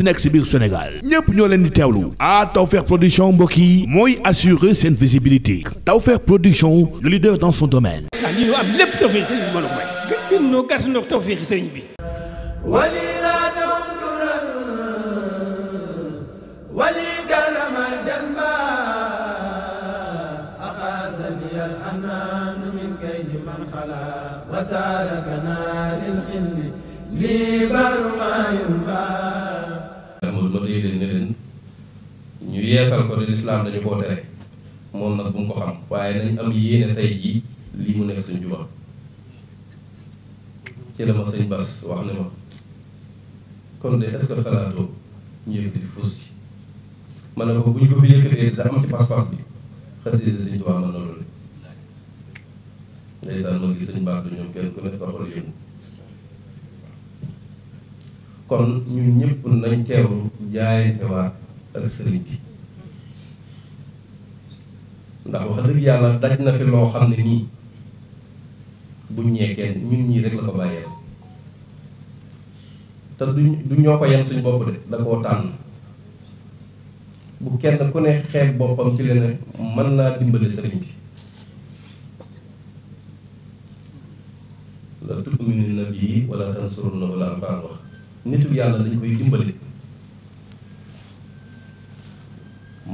munti nekk si biir Sénégal ñépp ñoo leen di teewlu ah Tawfekh production mbokk yi mooy assurer seen visibilité Tawfekh production le leader dans son domaine. ah lii ñu am lépp Tawfekh sëriñ bi mën a may. gën ñoo gàtt ñoo Tawfekh sëriñ bi. وسالكنا للخل لي برما ينبغي ñu yeesal ko di lislaam dañu koo tere moom nag bu mu ko xam waaye nañ am yéene tey jii lii mu nekk suñ juma ci la ma sëñ Bas wax ne ma kon de est-ce que xalaatoo ñu yëkkati fuus ci ma ko bu ñu ko fi yëkkatee da am ci pas-pas bi xasida sëñ Tuubaa mën na loolu ndeysaan ma gis sëñ Baadu ñoom kenn ku nekk sa xol kon ñun ñëpp nañ teewlu jaayantewaat ak sëriñ bi ndax wax dëgg yàlla daj na fi loo xam ne nii buñ ñee kenn ñun ñii rek la ko bàyyee te du du ñoo ko yem suñu bopp de da koo tànn bu kenn ku ne xeeb boppam ci leneen mën naa dimbale sëriñ bi la tu'minu nabi wala tansurunnahu la Alxuraan wax nitu yàlla dañ koy dimbale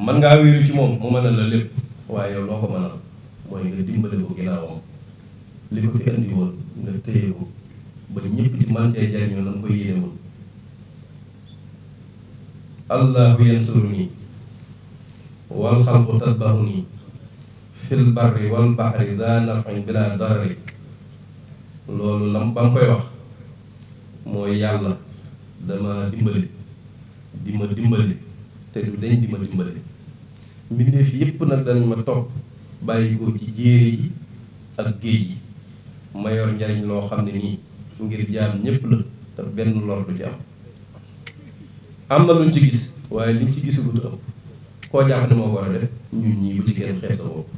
mën ngaa wéeru ci moom mu mën a la lépp waaye yow loo ko mën a mooy nga dimbale ko ginnaawam li ko fi andi woon nga téye ko ba ñëpp di mën cee jariñoo nan ko yéene woon allahu yansuruni wal xalqu tatbahuni fil barri wal baxri daa nafin bila darari loolu lam ba mu koy wax mooy yàlla dama dimbali di dimbali te du deñ di dimbali mbindeef yépp nag danañ ma topp bàyyi ko ci jéere yi ak géej yi ma yor njariñ loo xam ne nii ngir jaam ñépp la te benn lor du ci am am na luñ ci gis waaye liñ ci gisugut ëpp koo jàpp ne moo war a def ñun ñii bu ci kenn xeeb sa bopp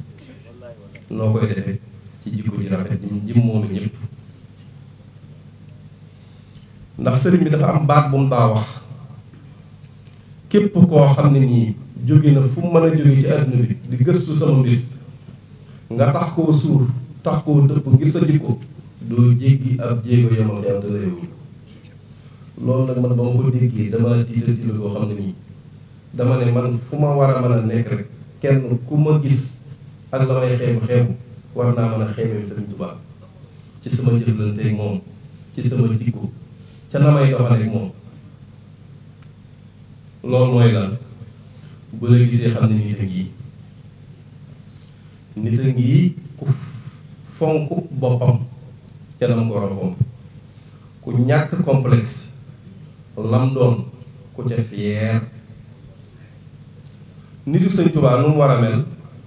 noo koy defee ci jikko ji rafet jim moomi ñépp ndax sëriñ bi dafa am baat bu mu daa wax képp koo xam ne nii jóge na fu mu mën a jóge ci àdduna bi di gëstu sama mbir nga tax koo suur tax koo dëpp ngir sa jikko doo jéggi ab jéego yamal yàlla dana yowuñu loolu nag man ba ma ko déggee dama tiital tiital boo xam ne nii dama ne man fu ma war a mën a nekk rek kenn ku ma gis ak la may xeebu xeebu war naa mën a xeebeem Sëriñ Tuubaa ci sama jëflanteeg moom ci sama jikko ca na may doxaleeg moom loolu mooy lan bu la gisee xam ne nit a ngi nit ku fonk boppam ca la mu ku ñàkk complexe lam doon ku ca fier nitu sëñ Tuubaa nu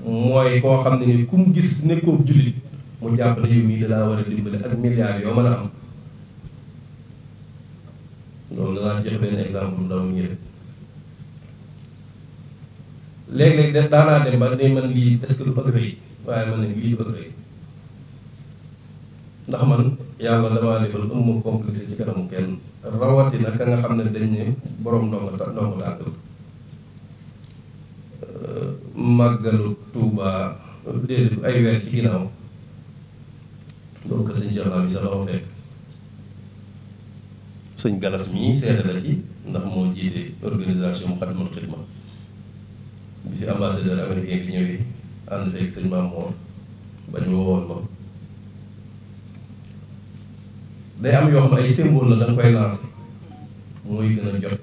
mu mooy koo xam ne ni ku mu gis nekkoob jullit mu jàpp ne yow mii dalaa war a dimbale ak milliards yoo mën a am loolu danaa jox benn exemple ndaw ñi léeg-léeg de daanaa dem ba day man lii est-ce que lu bëgg rëy waaye man ne lii bëgg rëy ndax man yàlla damaa ne ëmma complexe ci kanamu kenn rawatina ka nga xam ne dañ ne borom ndongo ta ndongo Tuuba déedéet ay weer ci ginnaaw donc sëñ Cerno mi sax dama fekk sëñ Galas mii seede la ci ndax moo jiite organisation Muxaddamatul Xidma bi fi ambassadeur américain bi ñëwee ànd ak sëñ maam moom ba ñu wowoon ma day am yoo xam ne ay symbole la da nga koy lancé mooy gën a jot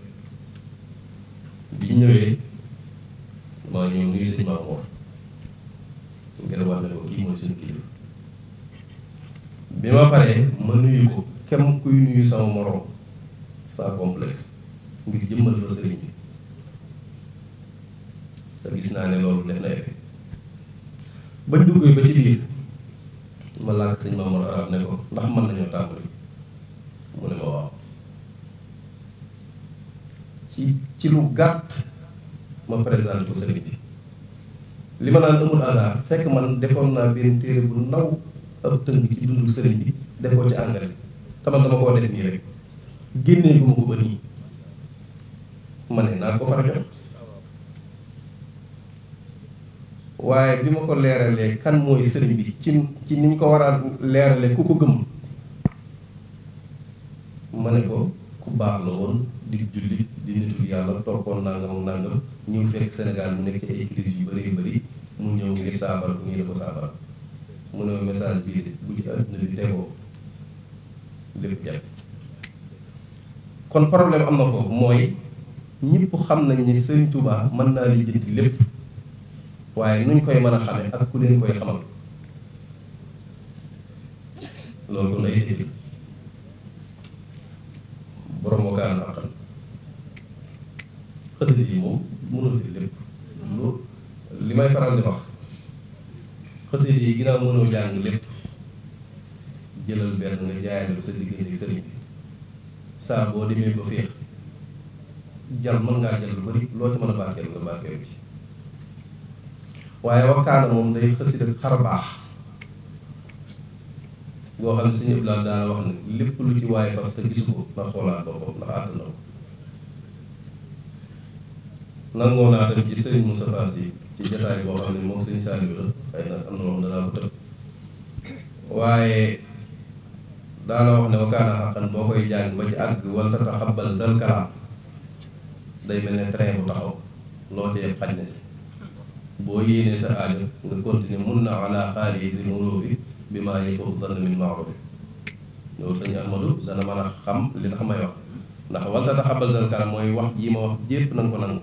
bi ñëwee maa ñëw nuyu sëñ maam moom ngeen wax ne ko kii mooy suñu kilifa bi ma paree ma nuyu ko kem kuy nuyu sama morom sans complexe ngir jëmmal fa sëriñ bi te gis naa ne loolu def na effet bañ duggee ba ci biir ma laaj sëñ Mamour Arab ne ko ndax mën nañoo tàmbali mu ne ma waaw ci ci lu gàtt ma présenté ko sëriñ bi li ma naan amul hasard fekk man defoon naa benn téere bu ndaw ab tënk ci dundu sëriñ bi def ko ci anglais taman dama koo def nii rek génnee bu ma ko ba nii ma ne naa ko fara jox waaye bi ma ko leeralee kan mooy sëriñ bi ci ci niñ ko war a leeralee ku ko gëm ma ne ko ku baax la woon di jullit di nitu yàlla toppoon nangam nangam ñëw fekk Sénégal mu nekk ci ay crise yu bëri mu ñëw ngir saafara bu ñu la ko saafara mu ne message bii de bu ci àdduna bi tegoo lépp jàpp kon problème am na foofu mooy ñëpp xam nañ ne Sëriñ Touba mën naa lijjanti lépp waaye nuñ koy mën a xamee ak ku leen koy xamal loolu kon ay téere borom moo gaanu moom mënul fi lépp lu li may faral di wax xasida yi ginnaaw jàng lépp jëlal benn nga jaayale ko sa diggante sëriñ bi saa boo demee ba féex jal mën ngaa jël lu bari loo ci mën a barkeel nga barkeel ci waaye wakkaana moom day xasida xar baax ngoo xam ne daana wax ne lépp lu ci waaye parce que gisu ko na xoolaat boppam ndax àtt na ko nangoo naa ci sëriñ Moussa Fass yi ci jataay boo xam moom sëriñ Saliou la xëy na am na moom danaa ko tëb waaye daana wax ne wakkaana xaqan boo koy jàng ba ci àgg wala tata xabal zal kalaam day mel ne bu taxaw loo ci yëpp xaj na ci boo yéenee sa aajo nga continuer mun na ala xaari yi di muróofi bi maa yëppu zann min maarufi loolu sëñ Ahmadou dana mën a xam li tax may wax ndax waltata xabal darkaan mooy wax jii ma wax jépp nañ ko nangu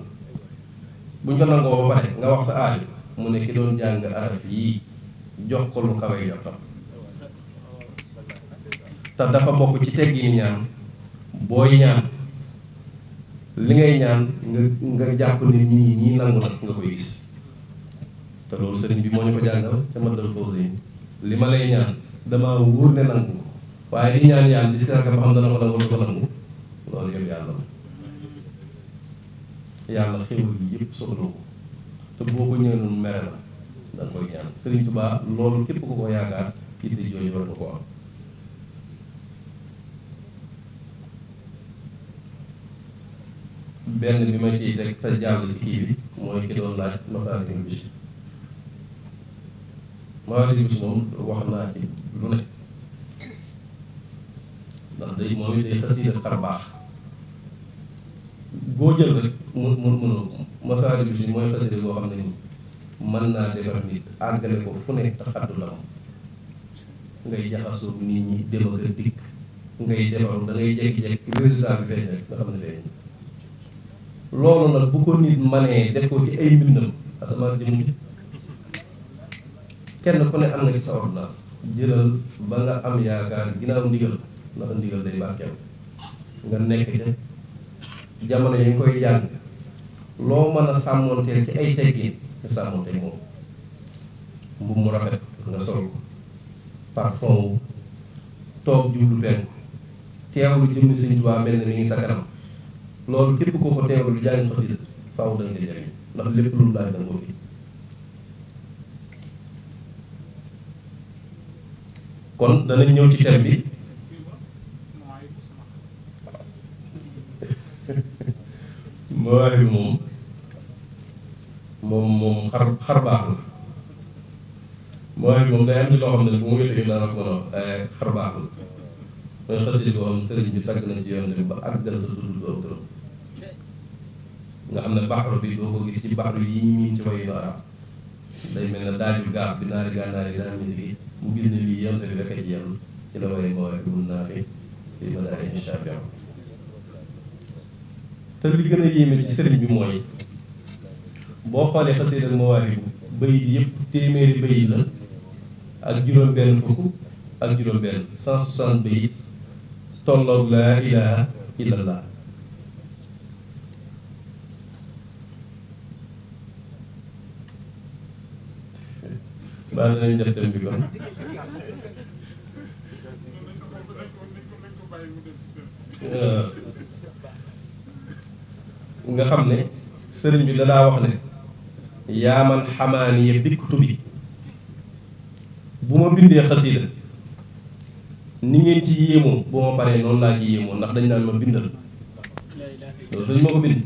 buñ ko nangoo ba pare nga wax sa aajo mu ne ki doon jàng araf yii jox ko lu kawe jox te dafa bokk ci teggi ñaan booy ñaan li ngay ñaan nga nga jàpp ne nii ñii nangu nag nga koy gis te loolu sëriñ bi moo ñu ko jàngal ca Matlaboul Fawzayni li ma lay ñaan damaa wóor ne nangu waaye di ñaan yàlla di si rakam xam dana ko nangu wala ko nangu loolu yow yàlla la yàlla xéwal yi yëpp soxla ko te boo ko ñëwoon mere la da nga koy ñaan sëriñ Tuubaa loolu képp ku ko yaakaar kiite jooju war nga ko am benn bi ma ciy teg te jàll ci kii bi mooy ki laaj maxaar bi maa ngi jëm wax naa ci lu ne ndax day moom it day xasiida xar baax boo jël rek mu mu mënoo masaale bi si mooy xasiida boo xam ne nii mën naa defar nit àggale ko fu nekk te xaddu la moom ngay jaxasoo nit ñi dem ak dikk ngay defaru da ngay jékki-jékki bi feeñ rek nga xam ne feeñ loolu nag bu ko nit manee def ko ci ay mbindam asamaan jëmu kenn ku ne am na ci sa ordonnance jëlal ba nga am yaakaar ginnaaw ndigal ndax ndigal day barkeel nga nekk ca jamono yi nga koy jàng loo mën a sàmmonteel ci ay teggin nga sàmmonteel moom mbubb mu rafet nga sol ko toog jublu penku teewlu jëmmi Sëriñ Tuubaa mel ne mi ngi loolu képp koo ko teewlu jàng xasida faaw da nga jariñ ndax lépp lu laaj da nga kon danañ ñëw ci thème bi mooy moom moom moom xar xar baax la mooy moom day am ci loo xam ne bu mu wéetee dana ko mën a waaye eh, xar baax la mooy xasee boo xam sëriñ na ci ba ak dal tudd doo turam nga xam ne bi doo ko gis ci baaxlu yi ñu miin ci wayu arab day mel ne daaju gaaf bi naari gànnaar yi daa mel ni mu gis ne lii yonte bi rek ay ci la way booy mun naa fi li ma daay champion te li gën a yéeme ci sëriñ bi mooy boo xoolee xasee ak mawaahibu bayit yëpp téeméeri bayit la ak juróom-benn fukk ak juróom-benn 160 bayit tolloog laa ilaha illallah baa bi kon euh, nga xam ne sëriñ bi dalaa wax ne yaa man xamaaniye bikkutu bi bu ma bindee xasiida ni ngeen ci yéemoo bu ma paree noonu laa ci yéemoo ndax dañ naan ma bindal loolu sëriñ moo ko bind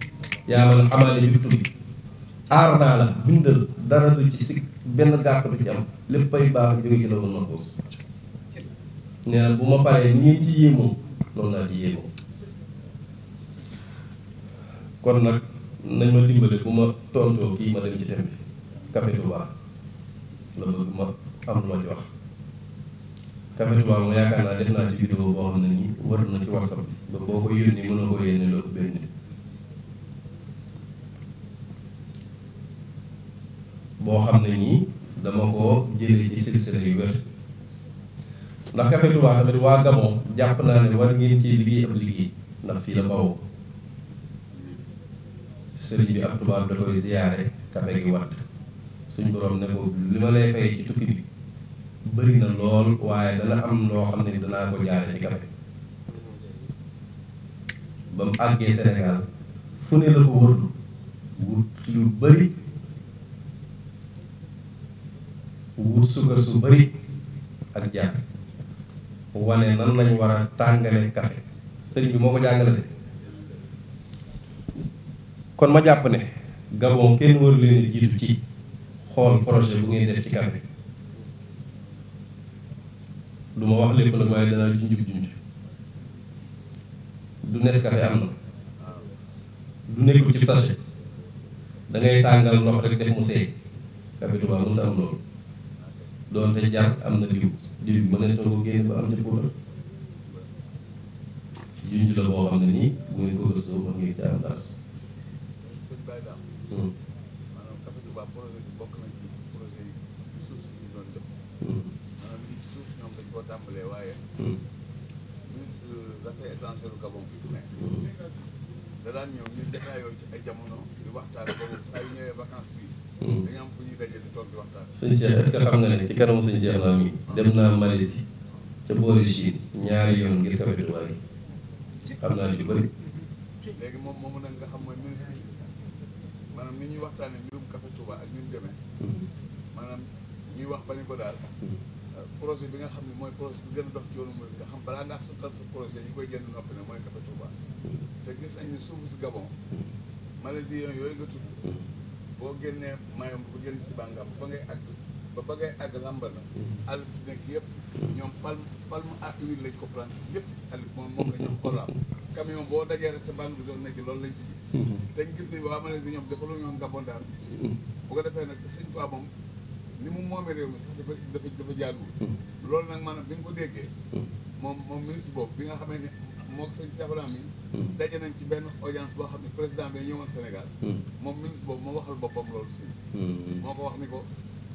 yaa man bikkutu bi aar naa la bindal dara du ci sikk benn gàkk du ci am léppay baax jóge ci la woon na xuus nee na bu ma paree ni ngeen ci yéemoo noonu laa ci yéemoo kon nag nañ ma dimbale bu ma tontoo kii ma dem ci tem bi Café Touba la bëgg ma am lu ma ci wax Café Touba ma yaakaar naa def naa ci vidéo boo xam ne nii war na ci WhatsApp bi ba boo ko yónnee mën na ko yónnee loolu benn nit boo xam ne nii dama ko jëlee ci silsile yu wér ndax Café Touba tamit jàpp naa ne war ngeen ci liggéey ab liggéey ndax fii la bawoo sëriñ bi tubaab da koy ziyaare café gi watt suñ borom ne ko li ma lay fay ci tukki bi bëri na lool waaye dana am loo xam ne danaa ko jaare ci café ba mu àggee Sénégal fu ne la ko wërlu wut lu bëri wut suukar su bëri ak jàpp wane nan lañ war a tàngale kafe sëriñ bi moo ko jàngale de kon ma jàpp ne Gabon kenn war leen jiitu ci xool projet bu ngeen def ci kafe du wax lépp nag waaye danaa junjub junj du Nescafé am na du nekkul ci sachet da tàngal ndox rek def mu seey kafe tubaab mënta am loolu doonte jar am na diw diw bi mënees na ko génne ba am ci puudar junj la boo xam ne nii bu ngeen ko gëstoo mën ngeen ci hmm. am dara. Hmm. Hmm. da daan ñëw ñu jotaayoo ci ay jamono di Hmm. dañu am fu ñuy daje di toog di waxtaan. suñu Cheikh xam nga ne ci kanamu suñu Cheikh naa mi dem naa Malaisie ca boori Chine ñaari yoon ngir café Touba gi xam naa ju bëri. léegi moom moomu nag nga xam mooy ministre yi maanaam ni ñuy waxtaanee mbirum café Touba ak ñun demee hmm. ñuy wax ba ni ko daal hmm. euh, projet bi nga xam ne mooy projet bi gën a dox ci yoonu mooy nga xam balaa ngaa sottal sa projet ñu koy génn noppi ne mooy café Touba te gis nañ ne suufu si Gabon malaisien yooyu nga tudd boo génnee mayom bu génn ci bàngam ba ngay àgg ba ba ngay àgg làmba na mhm. àll nekk yëpp ñoom palme palme à huile lañ ko plante yëpp àll moom moom lañ ko olaam camion boo dajee rek te bànn bi doon nekk loolu lañ ji mhm. te ñu gis ni waa si ñoom dafa lu ñoom Gabon daal mhm. bu ko defee nag te sëñ Tuubaa moom ni mu moomee réew mi sax dafa dafa dafa jaaduwul loolu nag maanaam bi nga ko déggee moom moom ministre boobu bi nga xamee ni moo ko sëñ Cheikh Ibrahima daje nañ ci benn audience boo xam ne président bi ñëwoon Sénégal. Hmm. moom ministre boobu moo waxal boppam loolu si. Hmm. ko wax ko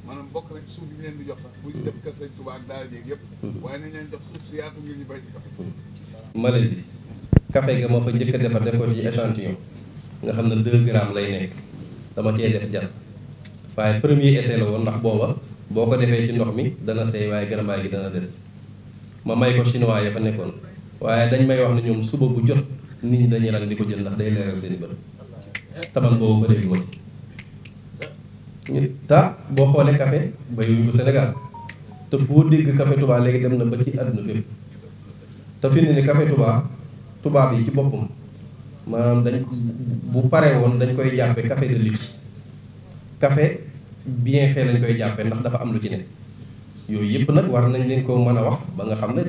maanaam bokk na leen di jox sax bu ñu def kër sëñ Touba ak daara jeeg yëpp. Hmm. waaye nañ leen si yaatu ngir ñu bay ci fa njëkk defar def ko ci échantillon nga xam ne 2 grammes lay nekk dama cee def jar waaye premier essai la woon ndax booba boo ko defee ci ndox mi dana seey waaye garabaay gi dana des ma may ko chinois ya fa nekkoon waaye dañ may wax ne ñoom suba bu jot. nit ñi dañuy ragal di ko jël ndax day leeral seen i bët taban boobu ba léegi woon ta boo xoolee café bayuñu ko Sénégal te boo dégg café Touba léegi dem na ba ci àdduna bépp te fi ni café Touba Touba bi maanaam dañ bu paree woon dañ koy jàppe café de luxe kafe bien fait lañ koy jàppe ndax dafa am lu ci ne yooyu yëpp nag war nañ leen ko mën a wax ba nga xam ne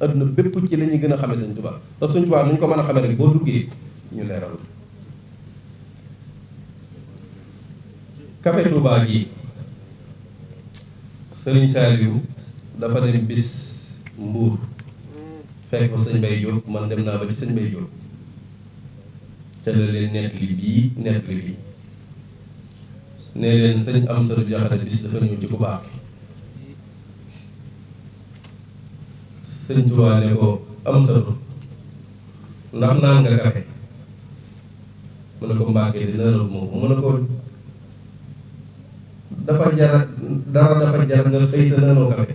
adduna bépp ci la ñuy gën a xamee sañ Tuubaa te Sëñ Tuubaa nu ñu ko mën a xamee rek boo duggee ñu leeral Café Touba gi Sëriñ Saliou dafa dem bis Mbuur fekk ko sëñ Mbay Jóob man dem naa ba ci sëñ Mbay Jóob te la leen nett li bii nett li bii ne leen sëñ am sëriñ Jaxate bis dafa ñëw ci ku baax sëriñ Tuubaa ne ko am satu ndax naan nga kafe mu ne ko Mbàkke dina rëb moomu mu ne ko dafa jara dara dafa jar nga xëy te nanoo kafe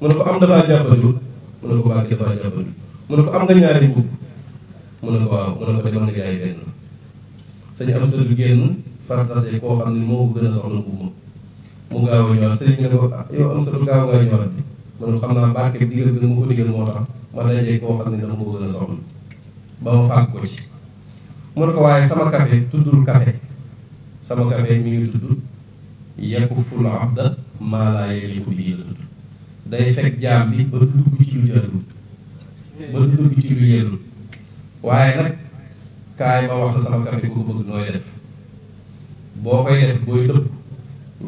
mu ne ko am dafa jàppajul mu ne ko Mbàkke dafa jàppajul mu ne ko am nga ñaari mbubb mu ne ko waaw mu ne ko demal nga jaay benn sëñ am satu génn faratase koo xam ne moo ko gën a soxla mbubb mu gaaw a ñëwaat sëriñ ne ko ah, yow am satu gaaw ngaa ñëwaat man xam naa barke bi digal bi ma ko digal moo tax ma dajee koo xam ne dama ko soxla ba ma fàgg ko ci mu ne ko waaye sama café tuddul café sama café mi ngi tudd yekku ful abda maa laa yeliku la tudd day fekk jaam bi ba dugg ci lu jarul ba dugg ci lu yellul waaye nag kaay ma wax la sama café ku bëgg nooy boo koy def booy dëpp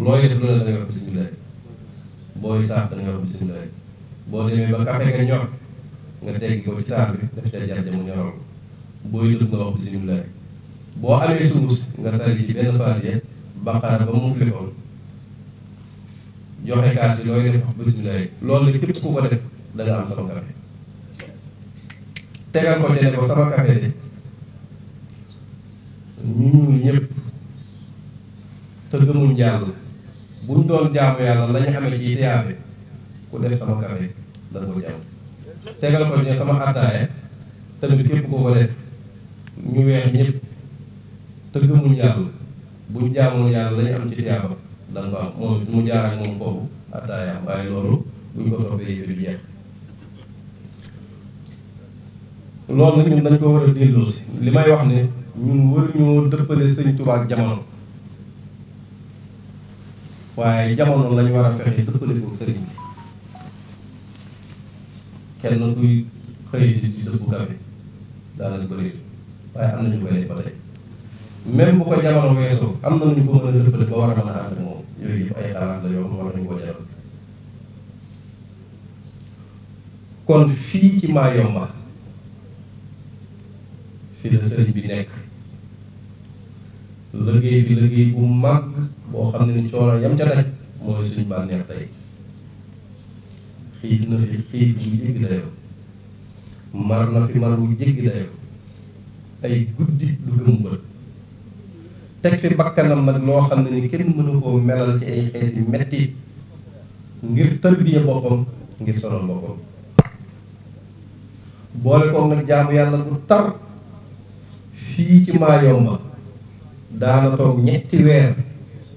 looy def la nga wax bismillah booy sàq nga wax bisimilah rek boo demee ba kafe nga ñor nga teggi ko ci taar bi def ca jar mu booy dëgg nga wax bisimilah rek boo amee sungus nga tari ci benn faatiye baqara ba mu flipoon joxe kaas looy def wax bisimilah rek loolu la képp ku ko def da sama kafe tegal ko tene ko sama kafe de ñu ñuul ñëpp te gëmul njàll bu ñu doon jaamu yàlla la amee ci tiyaabe ku def sama kafe dana ko tegal ko ne sama attaaya tamit képp ko ko def ñu weex ñëpp te gëmuñ yàlla buñ jaamoon yàlla la ñu am ci tiyaaba dana ko moom mu jaar moom foofu attaayam waaye loolu buñ ko toppee yëf yi jeex loolu nag dañ ko war a delloosi li may wax ne ñun waruñoo dëppale sëñ Tuubaa ak jamono waaye jamono lañu war a fexe dëppale ko sëriñ bi kenn kuy xëy di di dëpp kafe daanañ ko réer waaye am nañu koy def ba tey même bu ko jamono weesoo am na ñu ko mën a dëppale ba war a mën a ànd ak moom yooyu yëpp ay xalaat la yoo war nañu ko jaral kon fii ci Mayumba fi la sëriñ bi nekk liggéey fi liggéey bu mag boo xam ne ni coono yam ca mooy suñ bànneex tey xiif na fi xiif bu jéggi dayoo mar na fi mar bu jéggi dayoo ay guddi lu gëm bët teg fi bakkanam nag loo xam ne ni kenn mënu koo melal ci ay xeeti metti ngir tarbiya boppam ngir sonal boppam boole koom nag jaamu yàlla bu tar fii ci maayomba daana toog ñetti weer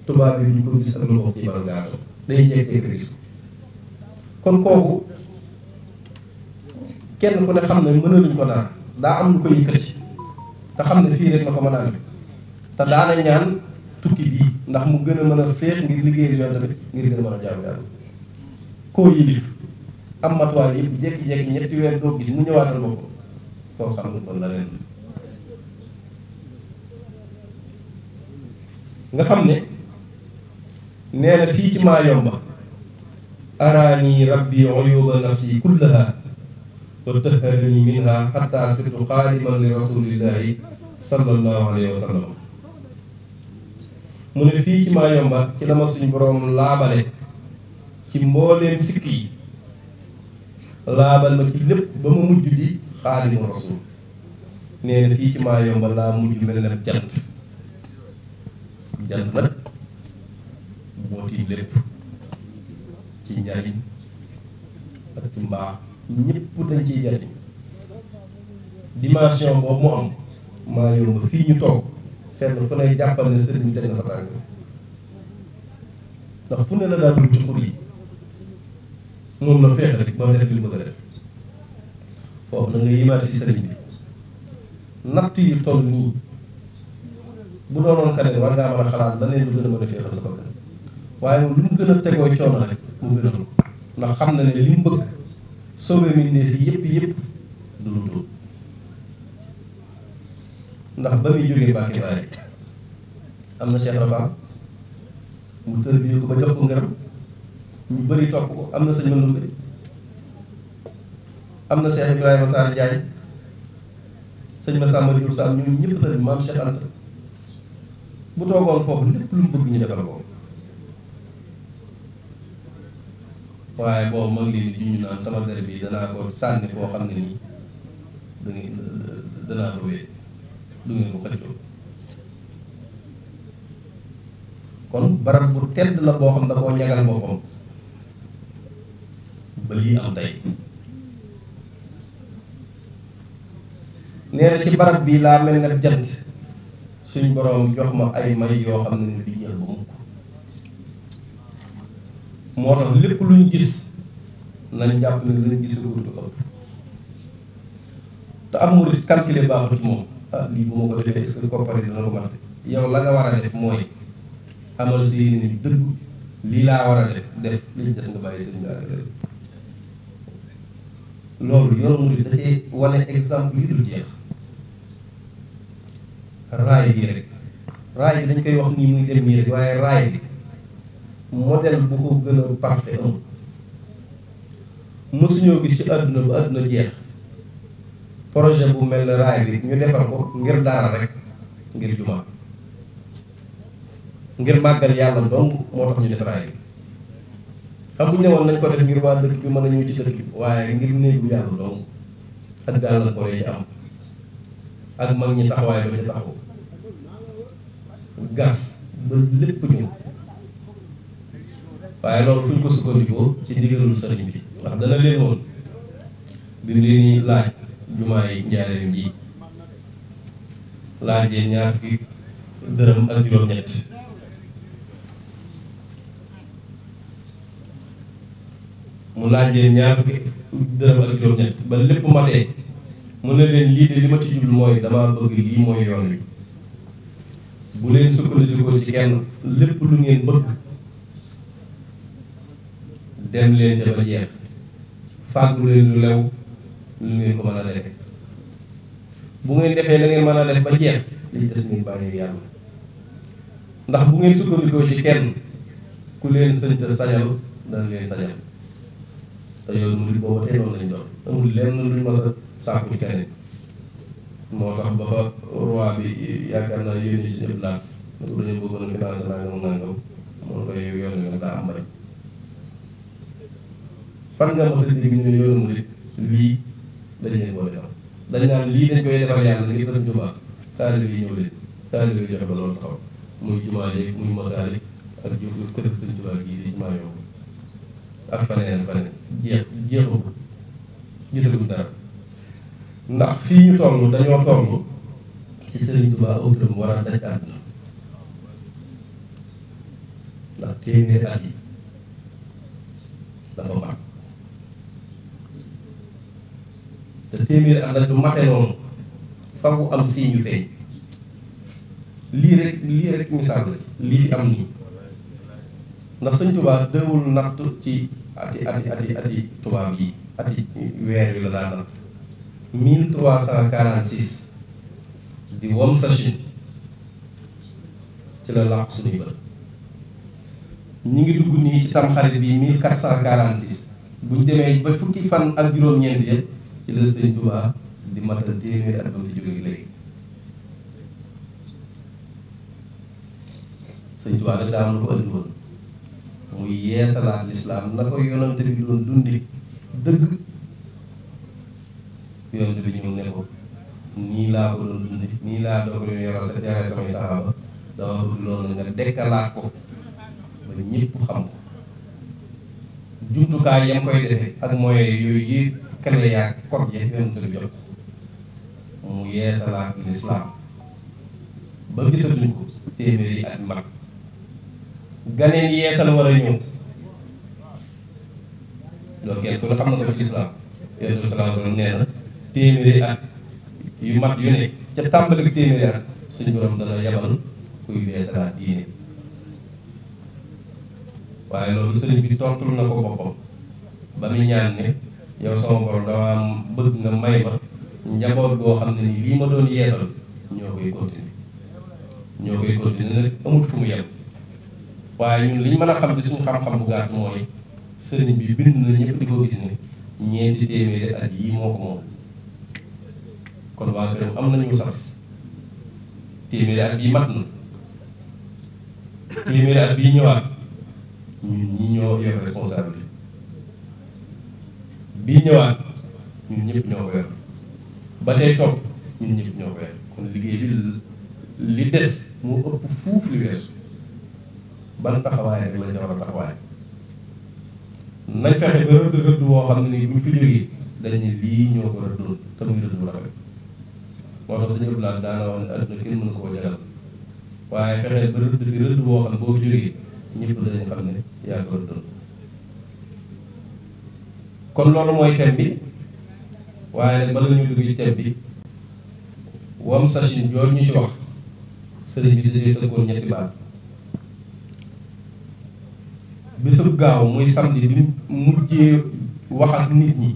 tubaab yi ñu ko gis ak lu wax ci bangaasam kon kooku kenn ku ne xam ne ko dara daa am lu ko yëkkati te xam ne fii rek la ko mën a amee te daana ñaan tukki bii ndax mu gën a mën a féex ngir liggéey yoon tamit ngir gën a mën a jaamu yàlla koo yilif am matuwaay yëpp jékki-jékki ñetti weer doo gis mu ñëwaatal boppam koo xam ne kon la nga xam ne nee na fii ci Maayomba araani rabbi uyuba nafsi kullaha wa minha xatta sirtu xaadiman li rasulillahi sallallahu alayhi wa sallam mu ne fii ci Maayomba ci la ma suñ boroom laabale ci mbooleem sikk yi laabal ma ci lépp ba ma mujj di xaadimu rasul nee fii ci Maayomba laa mujj mel ne jant jant ba nag moo tiim lépp ci njariñ ak ci mbaax ñëpp dañ ciy jariñ dimension boobu mu am maa yomb fii ñu toog fenn fu ne jàppal ne sëriñ bi na fa tànk ndax fu ne la daa dugg ci yi moom na feex rek ba def li mu def foofu na nga yimaat ci sëriñ bi natt yu toll nii bu doonoon keneen war ngaa mën a xalaat lan leen lu gën a mën a féexal sa bëgg waaye lu mu a tegoo coono rek mu gën a lu ndax xam na ne li mu bëgg soobee mi ne fii yëpp yëpp du lu tuut ndax ba muy jógee Mbàkke Baari am na Cheikh Rafaam mu tër bi ko ba jox ko ngërëm ñu bëri topp ko am na sëñ Mandou Mbay am na Cheikh Ibrahima Sarr Ndiaye sëñ Massamba Diouf Sarr ñun ñëpp tër bi maam Cheikh bu toogoon foofu lépp lu mu bëgg ñu defal ko waaye boobu ma ngi leen di ñu naan sama der bi danaa ko sànni foo xam ne nii da ngeen danaa ko wéy du ngeen ko xëccoo kon barab bu tedd la boo xam da koo ñagal boppam ba lii am tey nee ci barab bi laa mel ne jant suñ borom jox ma ay may yoo xam ne ni du jeex ba mukk moo tax lépp luñ gis nañ jàpp ne lañ gis lu du te am murit calculer baaxul ci moom ah lii bu ma ko defee est-ce que coopérative dina ko yow la nga war a def mooy amal si yéene bi dëgg lii laa war a def def li des nga bàyyi seen gaal loolu yoonu murit da cee wane exemple yu dul jeex. raay bi rek raay bi dañ koy wax nii muy dem nii rek waaye raay bi modèle bu ko gën a parfait amul mësuñoo gis ci àdduna bu àdduna jeex projet bu mel ne raay bi ñu defar ko ngir dara rek ngir jumaa ngir màggal yàlla dong moo tax ñu def raay bi xam bu ñëwoon ngir wa dëkk bi mën a ñëw ci dëkk bi waaye ngir néegu yàlla dong ak gàllankoor am ak mag ñi taxawaay ba ñu taxaw gas ba lépp ñu waaye loolu fu ñu ko sukkandikoo ci ndigalul sëriñ bi ndax dana leen woon bi mu leen ñuy laaj jumaa yi njaareem ji laajee ñaar fukki dërëm ak juróom-ñett mu laajee ñaar fukki dërëm ak juróom-ñett ba lépp matee mu ne leen lii de li ma ci jublu mooy damaa bëgg lii mooy yoon wi bu leen sukkandikoo ci kenn lépp lu ngeen bëgg dem leen ca ba jeex leen lu lew lu ngeen ko mën a defee bu ngeen defee la ngeen mën a def ba jeex li des ngeen bàyyi yàlla ndax bu ngeen sukkandikoo ci kenn ku leen sëñta sañal dana leen sañal te yow mu di booba te noonu lañ doon amul lenn luñ mas a sàkku ci keneen moo tax ba fa roi bi yaakaar naa yónni si ñëpp laat dañu bëggoon a financé nangam nangam mun koy yoon nga daa am rek fan nga mos a dégg ñu ne yoonu murit lii dañ leen boole tam dañ naan lii dañ koy defar yàlla ngir seen jumaa taalib yi ñëw leen taalib yi joxe ba loolu taxaw muy jumaa yeeg muy masaalik ak ju kër seen jumaa gii di jumaa yow ak faneen faneen jeex jeexagul gisaguñ dara ndax fii ñu toll dañoo toll ci Sëriñ Tuubaa aw tëm war a daj àdduna ndax téeméeri at dafa mag te téeméeri at du mate noonu fawu am siiñ yu feeñ lii rek lii rek misaal la ci lii fi am nii ndax Sëriñ Tuubaa dëwul natt ci ati ati ati ati tubaab yi ati weer wi la daa natt 1346 di wom sachin ci la làqu suñuy bët ñu ngi dugg nii ci tamxarit bi 1446 buñ demee ba fukki fan ak juróom-ñeent yëpp ci la sëñ Tuubaa di matal téeméeri at ba mu fi jógee léegi sëñ Tuubaa nag daa am lu ko andi yeesalaat lislaam na ko yonante bi dundi dëgg bi yonent ñëw ne nii laa ko doon dundee nii laa doon ko yoral sa jaaree samay saxaaba dama bëgg loolu nga dekkalaat ko ba ñëpp xam ko jumtukaay yam koy defee ak moyens yooyu yëpp yaa kor je yonent bi jox mu yeesalaat lislaam ba gisatuñ ko téeméeri at mag ganeen yeesal war a ñëw loolu kenn ku ne xam na ko ci nee na téeméeri at yu mat yu nekk ca tàmbali bi téeméeri at suñu borom dana yabal kuy beesalaat diine waaye loolu sëriñ tontul na ko boppam ba muy ñaan ne yow sama borom bëgg nga may ma njaboot boo xam ne nii lii ma doon yeesal ñoo koy continuer ñoo koy continuer nag amul fu mu yem waaye ñun li ñu mën a xam ci suñu xam-xam bu mooy sëriñ bi na ñëpp ko gis ne ñeenti téeméeri at yii moo ko moom kon waa këram am nañu sas téeméeri at bii mat na téeméeri at bii ñëwaat ñun ñi ñoo yor responsabilité bii ñëwaat ñun ñëpp ñoo ko ba tey topp ñun ñëpp ñoo kon liggéey li des mu ëpp fuuf li weesu ban taxawaay rek la ñu war a taxawaay nañ fexe ba rëdd rëdd woo xam ni buñ fi jógee dañ ne lii ñoo ko rëddoon te muy rëdd bu rafet moo tax sëñ Abdou Lahad daana wax kenn mënu koo waaye fexe ba rëdd fi rëdd boo xam boo jógee ñëpp dañu xam ne yaa ko kon loolu mooy thème bi waaye nag bala ñu dugg ci thème bi wam sëriñ bi dafay tëggoon ñetti baat bésub gaaw muy samedi bi mujjee wax nit ñi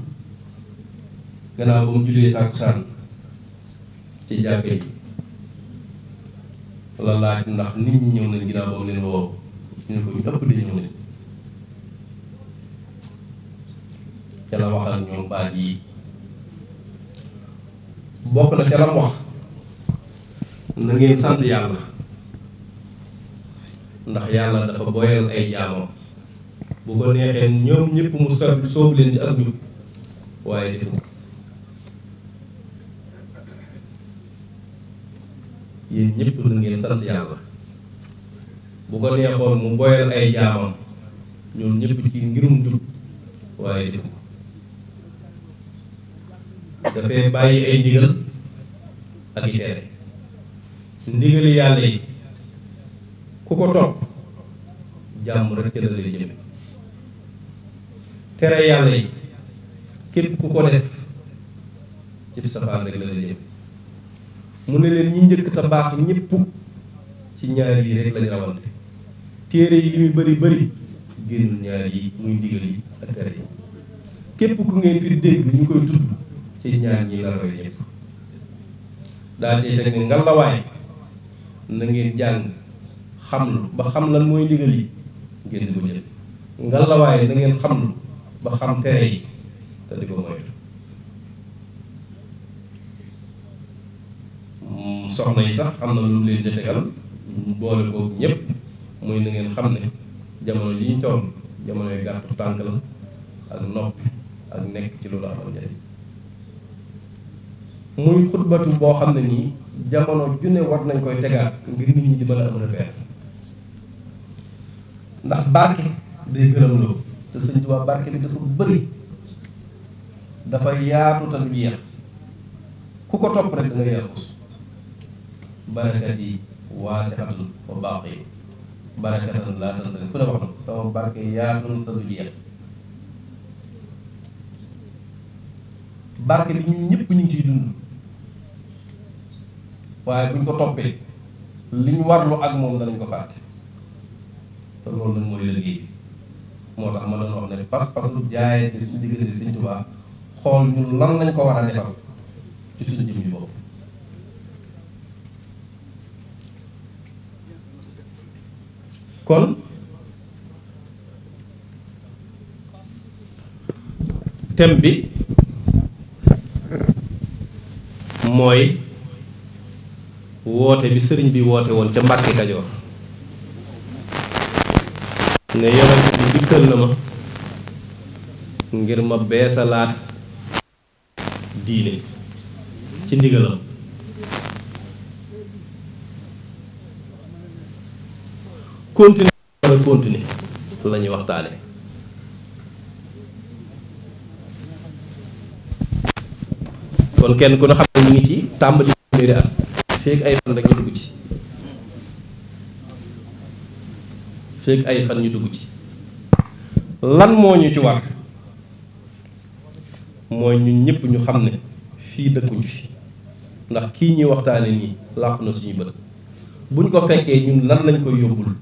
gannaaw ba mu jullee tàkkusaan ci jàkkee ji la ndax nit ñi ñëw nañ ginnaaw boobu leen woo ñu ne ko ñu ëpp de ñëw nañ ca wax ak ñoom baat yi bokk na ca wax na ngeen sant yàlla ndax yàlla dafa boyal ay jaamam bu ko neexee ñoom ñëpp mu soobu leen ci ak jub waaye defu yéen ñëpp na ngeen sant yàlla bu ko neexoon mu boyal ay jaamam ñoom ñëpp ci ngirum njub waaye def dafay bàyyi ay ndigal ak i tere ndigali yàlla yi ku ko topp jàmm rek la lay jëme tere yàlla yi képp ku ko def ci safaan rek la lay jëme mu ne leen ñi njëkk te baax ñëpp ci ñaar yi rek lañu rawante téere yi li muy bëri bëri génn ñaar yi muy ndigal yi ak tere yi képp ku ngeen fi dégg ñu koy tudd ci ñaar ñi la roy ñëpp daal ci teg ne ngalawaay ngeen jàng xam lu ba xam lan mooy ndigal yi ngeen di ko jël ngalawaay na ngeen xam lu ba xam tere yi te di ko moytu soxna yi sax am na lu mu leen di tegal boole ko ñëpp muy na ngeen xam ne jamono yi ñu toll jamonoy gàttu tànk la ak noppi ak nekk ci lu la amal njariñ muy xutbatu boo xam ne nii jamono ju ne war nañ koy tegaat ngir nit ñi di mën a am ndax barke day gërëm loo te sëñ Tuubaa barke bi dafa bëri dafa yaatu te du ku ko topp rek da nga barakati waasiatun waa baaqiya barakatan laa tanzali fu ne wax na ko sama barke yaatun ñu ngi ciy dund waaye buñ ko toppee li ñu ak moom danañ ko fàtte loolu nag mooy liggéey moo tax ma doon wax ne pas-pasu jaayante suñu diggante lan lañ ko war a defal ci suñu jëm yi bopp kon thème bi mooy woote bi sëriñ bi woote woon ca Mbàkke Kajoor ne yonent bi dikkal na ma ngir ma beesalaat diine ci ndigalam continuer wala continuer lañuy waxtaane kon kenn ku ne xam ne ñu ngi ci tàmbali téeméeri ay fan rek ñu dugg ci feeg ay fan ñu dugg ci lan moo ñu ci war mooy ñun ñëpp ñu xam ne fii dëkkuñ fi ndax kii ñuy waxtaane nii làq na suñu bët buñ ko fekkee ñun lan lañ koy yóbbul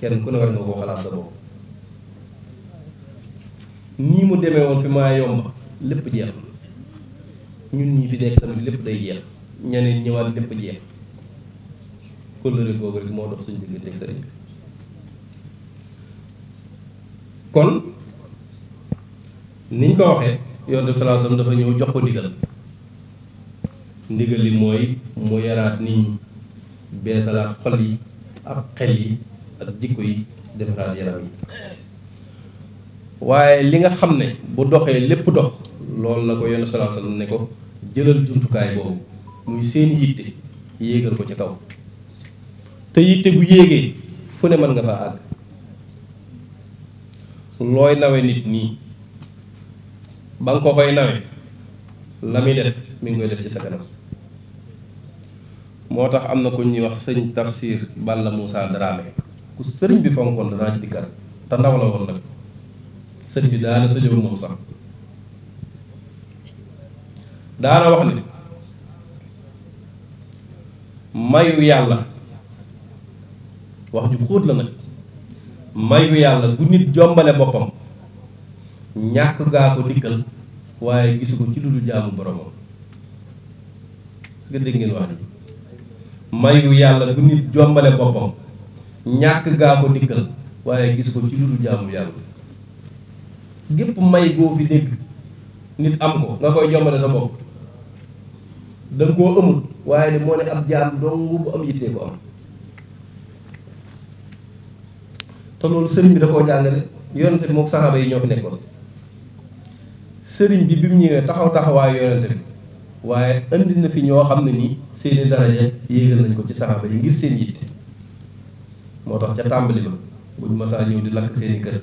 kenn ku ne war nga koo xalaat sa bopp nii mu demee woon fi maa yomb lépp jeex ñun ñi fi nekk tamit lépp day jeex ñeneen ñëwaat lépp jeex kóllëre boobu rek moo dox suñu diggante ak sëriñ bi kon niñ ko waxee yoon def salaasam dafa ñëw jox ko ndigal ndigal li mooy mu yaraat nit ñi beesalaat xol yi ak xel yi ak jikko yi defaraat yaram yi waaye li nga xam ne bu doxee lépp dox loolu la ko yoonu sallallahu alayhi wasallam ne ko jëlal jumtukaay boobu muy seen yitte yéegal ko ci kaw te yitte bu yéegee fu ne mën nga fa àgg looy nawe nit nii ba nga ko koy nawe la muy def mi ngi koy def ci sa kanam moo tax am na ko ñuy wax sëñ tafsir la Moussa Dramé ku sëriñ bi fonkoon danaa ci dikkaat te ndaw la woon nag sëriñ bi daana tëjoo moom sax daana wax ni mayu yàlla wax ju xóot la nag mayu yàlla bu nit jombale boppam ñàkk gaa ko dikkal waaye gisu ko ci lu dul jaamu boromam su nga dégg ngeen wax ni mayu yàlla bu nit jombale boppam ñàkk gaa ko dikkal waaye gis ko ci lu dul jaamu yàlla gépp may goo fi dégg nit am ko nga koy jombale sa bopp da koo amul waaye moo ne ab jaam dong bu am yittee ko am te loolu sëriñ bi da koo jàngale yonente bi saxaaba yi ñoo fi nekkoon sëriñ bi bi mu ñëwee taxaw taxawaayu yonente bi waaye indi na fi ñoo xam ne nii seeni daraja yéegal nañ ko ci saxaaba yi ngir seen yitte moo tax ca tàmbali ba buñ masaa ñëw di lakk seeni kër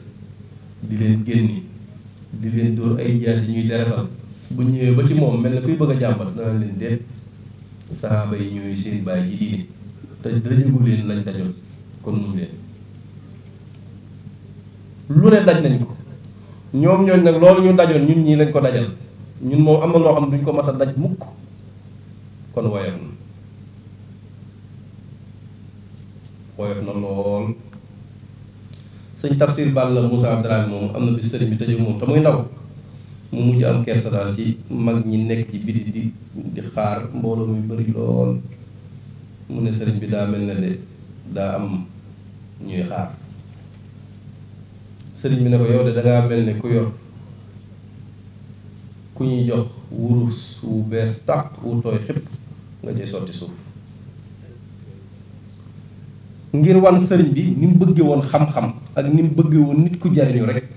di leen génni di leen dóor ay jaas yi ñuy deretal buñ ñëwee ba ci moom mel na kuy bëgg a jàmbat dana leen déet saaba yi ñooy seen bàyyi ji diine te dajagu leen lañ dajoon kon muñ leen lu ne daj nañ ko ñoom ñooñ nag loolu ñu dajoon ñun ñii lañ ko dajal ñun moom am na loo xam ne duñ ko mas a daj mukk kon woyof na woyof na lool sëñ Tafsir Balla Moussa Dramé moom am na bi sëriñ bi tëjee moom te muy ndaw mu mujj am kersa daal ci mag ñi nekk ci biti di di xaar mbooloo muy bëri lool mu ne sëriñ bi daa mel ne de daa am ñuy xaar sëriñ bi ne ko yow de dangaa mel ne ku yor ku ñuy jox wurus wu bees tàq wu tooy xëpp nga cay sotti suuf ngir wan sëriñ bi ni mu bëggee woon xam-xam ak ni mu bëggee woon nit ku jariñu rek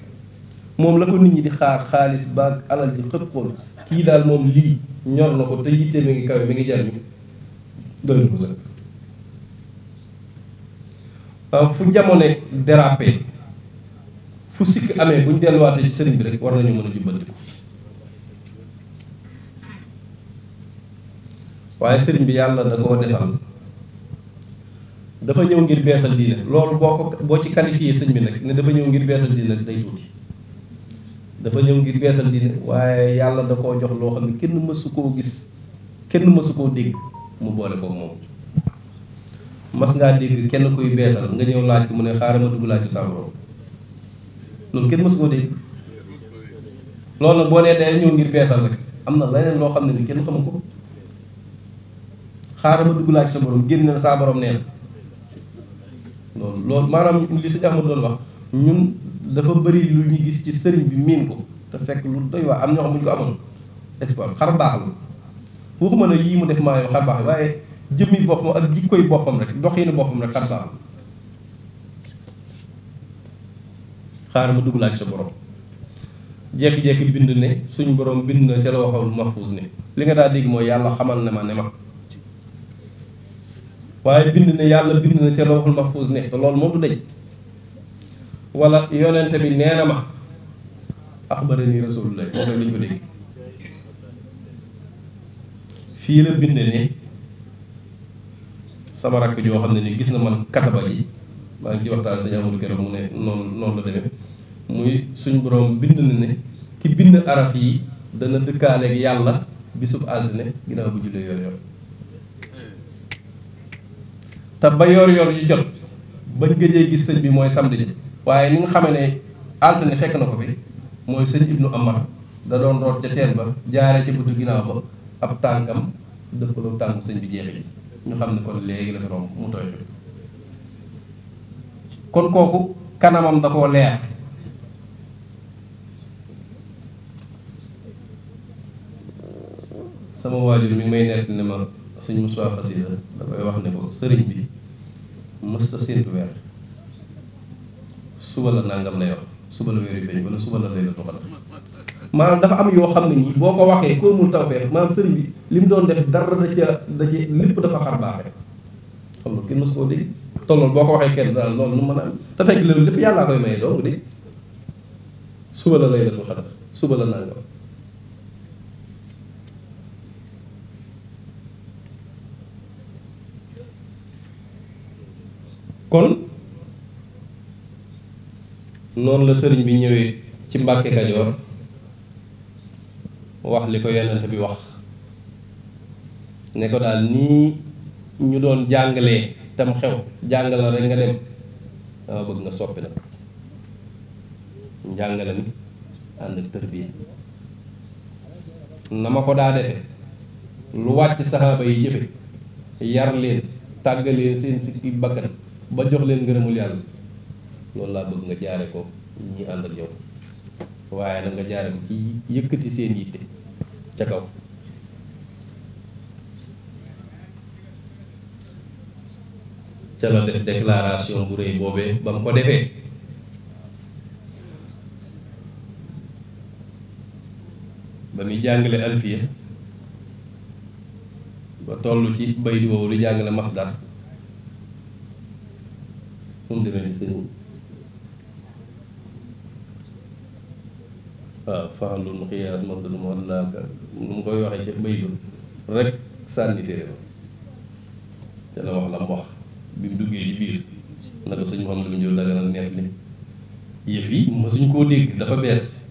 moom la ko nit ñi di xaar xaalis baag alal ji xëppoon kii daal moom lii ñor na ko te yitte mi ngi kawe mi ngi jariñu doylu ko sëkk euh, fu jamono dérapé fu sikk amee bu ñu delluwaatee ci sëriñ bi rek war nañu mën a jubbanti ko waaye sëriñ bi yàlla da koo defal dafa ñëw ngir beesal diine loolu boo ko boo ci qualifié sëñ bi nag ne dafa ñëw ngir beesal diine day tuuti dafa ñëw ngir beesal diine waaye yàlla da koo jox loo xam ne kenn mësu koo gis kenn mësu koo dégg mu boole ko moom mas ngaa dégg kenn kuy beesal nga ñëw laaj ko mu ne xaaral ma dugg laaju sama borom loolu kenn mësu koo dégg loolu na boolee nee day ñëw ngir beesal rek am na leneen loo xam ne ni kenn xamu ko xaaral ma dugg laaj sa borom génn na saa neen loolu loolu maanaam li si jàmm doon wax ñun dafa bari lu ñu gis ci sëriñ bi miin ko te fekk lu doy waa am ñoo xam bu ñu ko amoon exploit xar baax la waxuma ne yii mu def maa yow xar baax waaye jëmmi boppam ak jikkoy boppam rek doxinu boppam rek xar baax dugg laaj sa borom jékki-jékki bind ne suñu borom bind na ca la waxoon mahfuus ne li nga daa dégg mooy yàlla xamal ne ma ne ma waaye bind ne yàlla bind na ca loolu moom du daj wala yonente bi nee na ma axbarani rasulullah moom rek lañ ko dégg xam ne ni gis na man kataba mu ne noonu noonu yi dana dëkkaaleeg yàlla bisub àddine jullee yoon yoon te ba yor-yor yu jot bañ gëjee gis sëñ bi mooy samedi waaye ni nga xamee ne altine fekk na ko fi mooy sëñ Ibnu Amar da doon root ca teen ba jaaree ci buntu ginnaaw ba ab tànkam dëppaloo tànk sëñ bi jeexee ñu xam ne kon léegi la fi mu tooy kon kooku kanamam da koo leer sama waajur mi may nekk ne ma sëñ Moussa Fassila da wax ne ko sëriñ bi. mës ta séentu weer suba la nangam lay wax suba la weeru feeñ wala suba la lay maanaam dafa am yoo xam ne nii boo ko waxee koo mun tawfeex maanaam sëriñ li mu doon def dara da ca da lépp dafa xar baaxee xam nga kenn mës koo dégg tollool boo ko waxee kenn daal loolu nu mën a te fekk loolu lépp yàllaa koy maye dong dégg suba la lay la ko suba la nangam kon noonu la sëriñ bi ñëwee ci Mbàkke Kajoor wax li ko yonent bi wax ne ko daal nii ñu doon jàngalee tam xew jàngala rek nga dem dama bëgg nga soppi nag njàngale mi ànd ak tërbiya na ma ko daa defe lu wàcc saxaaba yi jëfe yar leen tàggaleen seen sikki bakkan ba jox leen ngërëmul yàlla loolu laa bëgg nga jaare ko ñi ànd yow waaye nag nga jaare ko ci yëkkati seen yitte ca kaw ca la def déclaration bu rëy boobee ba mu ko defee ba muy jàngale alfiya ba toll ci bay di woowu di jàngale masdar nu mu demee ni sëriñ waaw faxalul mu xiyaas madul mu allaaka nu mu koy waxee ca bay rek sànni téere te la wax la wax bi duggee ci biir na ko sëñ Mouhamadou Ndiol danga na neet li yëf yi mësuñ koo dégg dafa bees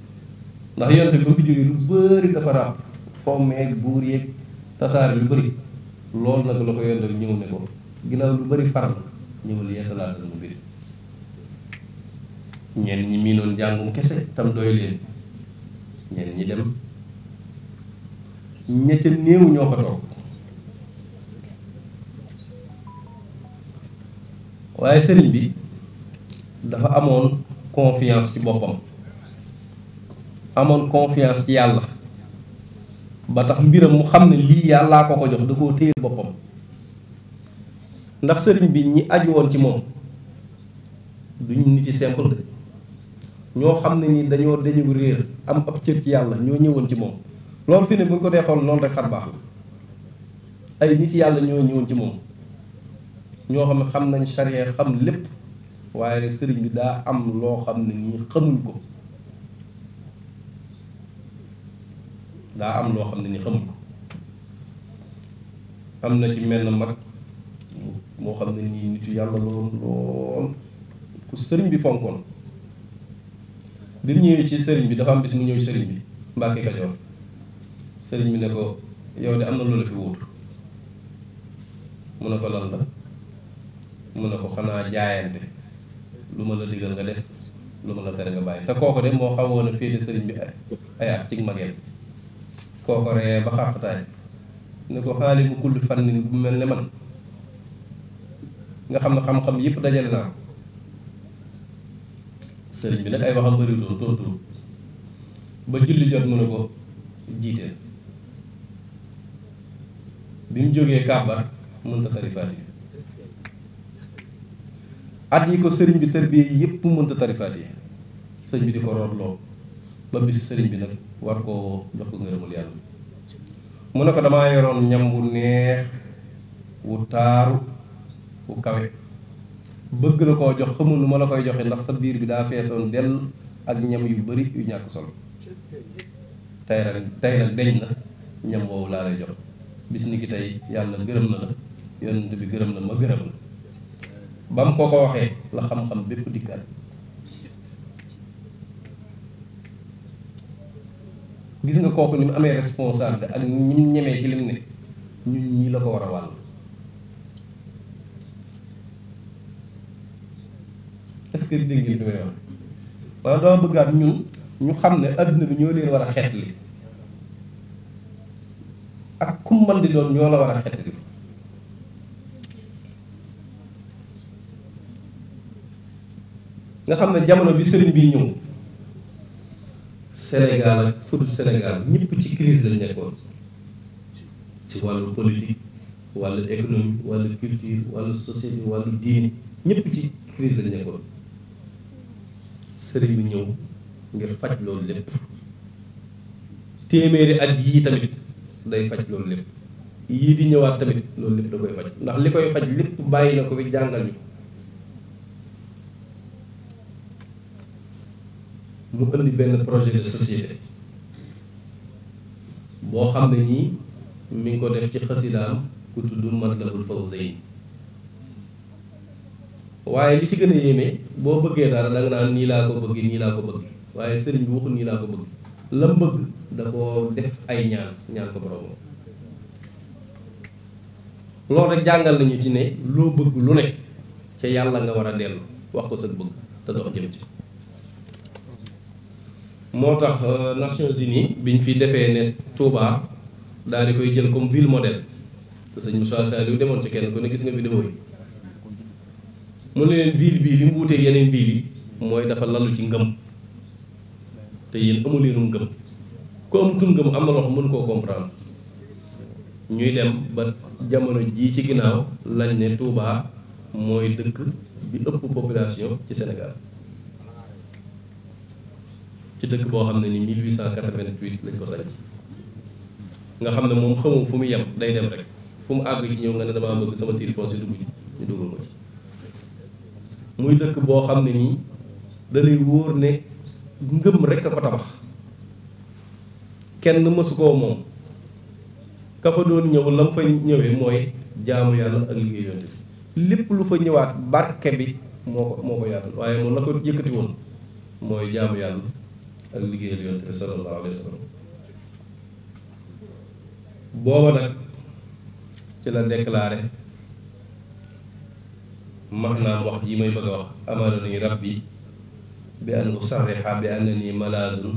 ndax yonte bi ba fi jógee lu bëri dafa ràpp fommeeg buur yeeg tasaare lu bëri loolu nag la ko yonte ñëw ne ko ginnaaw lu bëri faram ñëwal yeesalaatal mu mbir ñenn ñi miinoon jàngum kese tam doy leen ñenn ñi dem ña ca ñoo ko toog waaye sëriñ bi dafa amoon confiance ci boppam amoon confiance ci yàlla ba tax mbiram mu xam ne lii yàllaa ko ko jox da koo téye boppam ndax sëriñ bi ñi aju woon ci moom duñu nit yi simple ñoo xam ne ni dañoo dañu réer am ab cër ci yàlla ñoo ñëwoon ci moom loolu fi ne bu ñu ko dee xool loolu rek xar baax la ay nit yàlla ñoo ñëwoon ci moom ñoo xam ne xam nañ charia xam lépp waaye rek sëriñ bi daa am loo xam ne nii xamuñ ko daa am loo xam ne nii xamuñ ko am na ci mel na mag moo xam ne nii nitu yàlla lool lool ku sëriñ bi fonkoon bi ñëwee ci sëriñ bi dafa am bis mu ñëw sëriñ bi Mbàkke Kajoor sëriñ bi ne ko yow de am na loolu fi wuutu mu ne ko lan la mu ne ko xanaa jaayante lu ma la digal nga def lu ma la tere nga bàyyi te kooku moo xawoon a féete bi ay at ci mageel kooku ree ba ne ko xaali bu kulli fan bu mel ne man nga xam ne xam-xam yëpp dajale naa sëriñ bi nag ay waxam bëriwutoon tontu ba julli jot mu ne ko jiiteel bi mu jógee kàbbar mënta tari faatiha at ko sëriñ bi tarbiyee yëpp mënta tari faatiha sëriñ bi di ko rootloo ba bis sëriñ bi nag war koo jox ko ngërëmul yàlla mu ne ko damaa yoroon ñam wu neex wu taaru bu kawe bëgg na koo jox xamul lu ma la koy joxe ndax sa biir bi daa feesoon dell ak ñam yu bari yu ñàkk solo tey nag deñ na ñam woowu laa lay jox bis ni tey yàlla gërëm na la yonent bi gërëm na ma gërëm ba mu ko ko waxee la xam-xam bépp dikkaat gis nga kooku ni mu amee responsabilité ak ñi mu ñemee ci ne ñun ñii la ko war a wàll est-ce que dama bëggaat ñun ñu xam ne adduna bi ñoo leen war a xeetli ak kum man doon ñoo la war a xeetli nga xam ne jamono bi sëriñ bi ñëw Sénégal ak fudul Sénégal ñëpp ci crise lañ nekkoon ci wàllu politique wàllu économie wàllu culture wàllu société wàllu diine ñëpp ci crise lañ nekkoon sëriñ bi ñëw ngir faj loolu lépp téeméeri at yii tamit day faj loolu lépp yii di ñëwaat tamit loolu lépp da koy faj ndax li koy faj lépp bàyyi na ko fi jàngal ñu mu indi benn projet de société boo xam ne ñii mi ngi ko def ci xasidaam ku tudd Matlabul Fawzayni waaye li ci gën a yéeme boo bëggee dara da nga naan nii laa ko bëgg nii laa ko bëgg waaye sëriñ bi waxul nii laa ko bëgg lam bëgg da koo def ay ñaan ñaan ko borom loolu rek jàngal nañu ci ne loo bëgg lu ne ca yàlla nga war a dellu wax ko sa bëgg te dox jëm ci moo tax euh, Nations bi ñu fi defee ne Touba daal di koy jël comme ville modèle te sëñ Moussa Saliou demoon ci kenn ku ne gis nga vidéo yi mu ne leen biir bii li mu wuteeg yeneen biir mooy dafa lalu ci ngëm te yéen amu leenu ngëm ku am tun ngëm am na loo xam koo comprendre ñuy dem ba jamono jii ci ginnaaw lañ ne Touba mooy dëkk bi ëpp population ci Sénégal ci dëkk boo xam ne ni 1888 lañ ko sañ nga xam ne moom xamul fu mu yem day dem rek fu mu àgg ci ñëw nga ne damaa bëgg sama tiir poos dugg ji ñu dugal ci muy dëkk boo xam ne nii dalay wóor ne ngëm rek a ko tabax kenn mësu koo moom ka fa doon ñëw la mu fa ñëwee mooy jaamu yàlla ak liggéeyante lu fa ñëwaat barke bi moo ko moo ko yaatal waaye moom la liggéeyal yonte bi sallallahu alayhi wa booba nag ci la déclaré maanaam wax yi may bëgg a wax amara ni rabbi bi an usarriha bi annani malaazun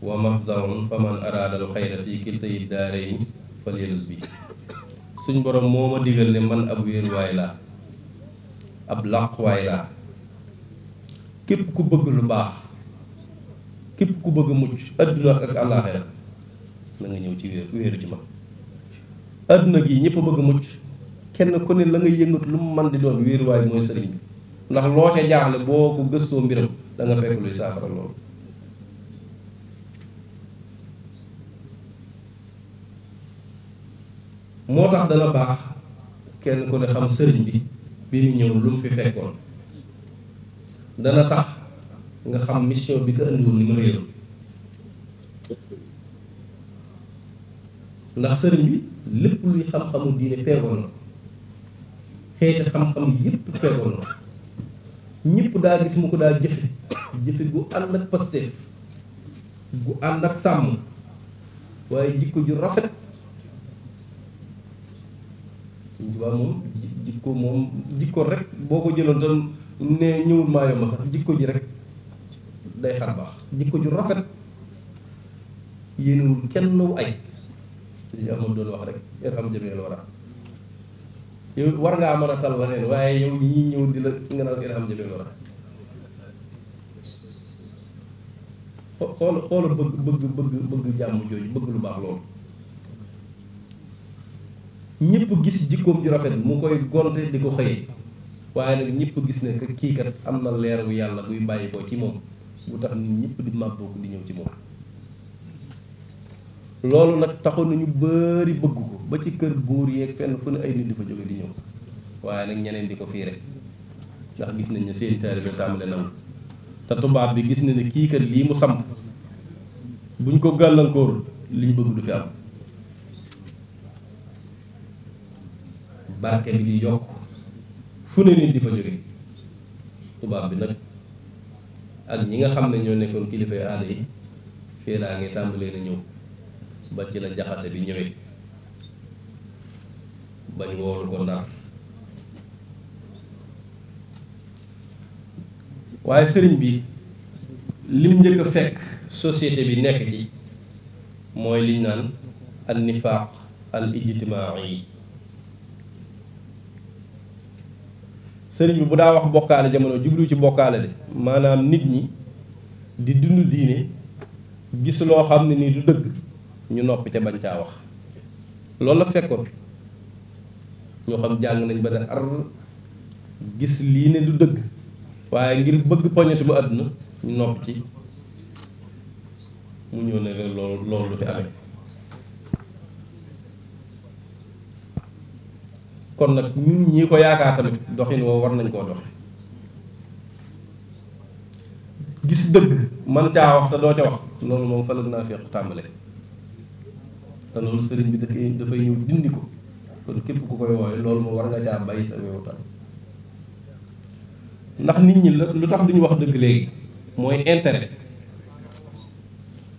wa mafdarun fa man araada al xayra fi kiltayi daarayni falyaluz bi suñ borom moo ma digal ne man ab wéeruwaay laa ab làquwaay laa képp ku bëgg lu baax képp ku bëgg mucc adduna ak àllaaxira na nga ñëw ci wéer wéeru ci ma adduna gi ñëpp bëgg mucc kenn ku ne la ngay yëngatu lu mu mën di doon wéeruwaay mooy sëriñ bi ndax loo ca jaaxle boo ko gëstoo mbiram da fekk luy saafara loolu moo tax dana baax kenn ko ne xam sëriñ bi bi mu ñëw lu mu fi fekkoon dana tax nga xam mission bi ko indiwoon ni mu réeram ndax sëriñ bi lépp luy xam-xamu diine teewoon na xeeti xam-xam yëpp feegoon na ñëpp daa gis mu ko daa jëfe jëfe gu ànd ak pasteef gu ànd ak sàmm waaye jikko ju rafet suñ tubaa moom jikko moom jikko rek boo ko jëloon tam ne ñëwul maayo ma sax jikko ji rek day xar baax jikko ju rafet yéenewul kenn wu ay suñu amoon doon wax rek yar xam jamee la war a war ngaa mën a tal la neen waaye yow ñii ñëw di la nga naan alhamdulilah xool xoola bëgg bëgg bëgg bëgg jàmm jooju bëgg lu baax loolu ñëpp gis jikkoom ju rafet mu koy gonte di ko xëye waaye nag ñëpp gis ne que kii kat am na leeru yàlla buy bàyyi ko ci moom bu tax nit ñëpp di màbboo ko di ñëw ci moom loolu nag taxoon nañu bari bëgg ko ba ci kër buur yeeg fenn fu ne ay nit di fa jóge di ñëw waaye nag ñeneen di ko fii ndax gis nañ ne seen taalibe tàmbale nangu te tubaab bi gis na ne kii kat lii mu samp buñ ko gàllankoor liñ bëgg du fi am barke bi di yokk fu ne nit di fa jóge tubaab bi nag ak ñi nga xam ne ñoo nekkoon kilifa aada yi fii laa ngi tàmbalee na ñëw ba ci la jaxase bi ñëwee bañ woolu ko ndar waaye sëriñ bi lim njëkk a fekk société bi nekk ci mooy liñ naan al nifaaq al ijtimaai sëriñ bi bu daa wax bokkaale jamono jublu ci bokkaale de maanaam nit ñi di dund diine gis loo xam ne nii du dëgg ñu nopp te bañ caa wax loolu la fekkoon ñoo xam jàng nañ ba ne ar gis lii ne du dëgg waaye ngir bëgg poñati mu àdduna ñu noppi ci mu ñëw ne leen loolu loolu lu fi amee kon nag ñun ñii ko yaakaar tamit doxin woo war nañ koo doxe gis dëgg man caa wax te doo ca wax loolu moom fa la naa féq tàmbale te loolu sëriñ bi dafay dafay ñëw dindi ko kon képp ku koy wooye loolu moom war nga caa bàyyi sa wewu ndax nit ñi lu tax duñu wax dëgg léegi mooy intérêt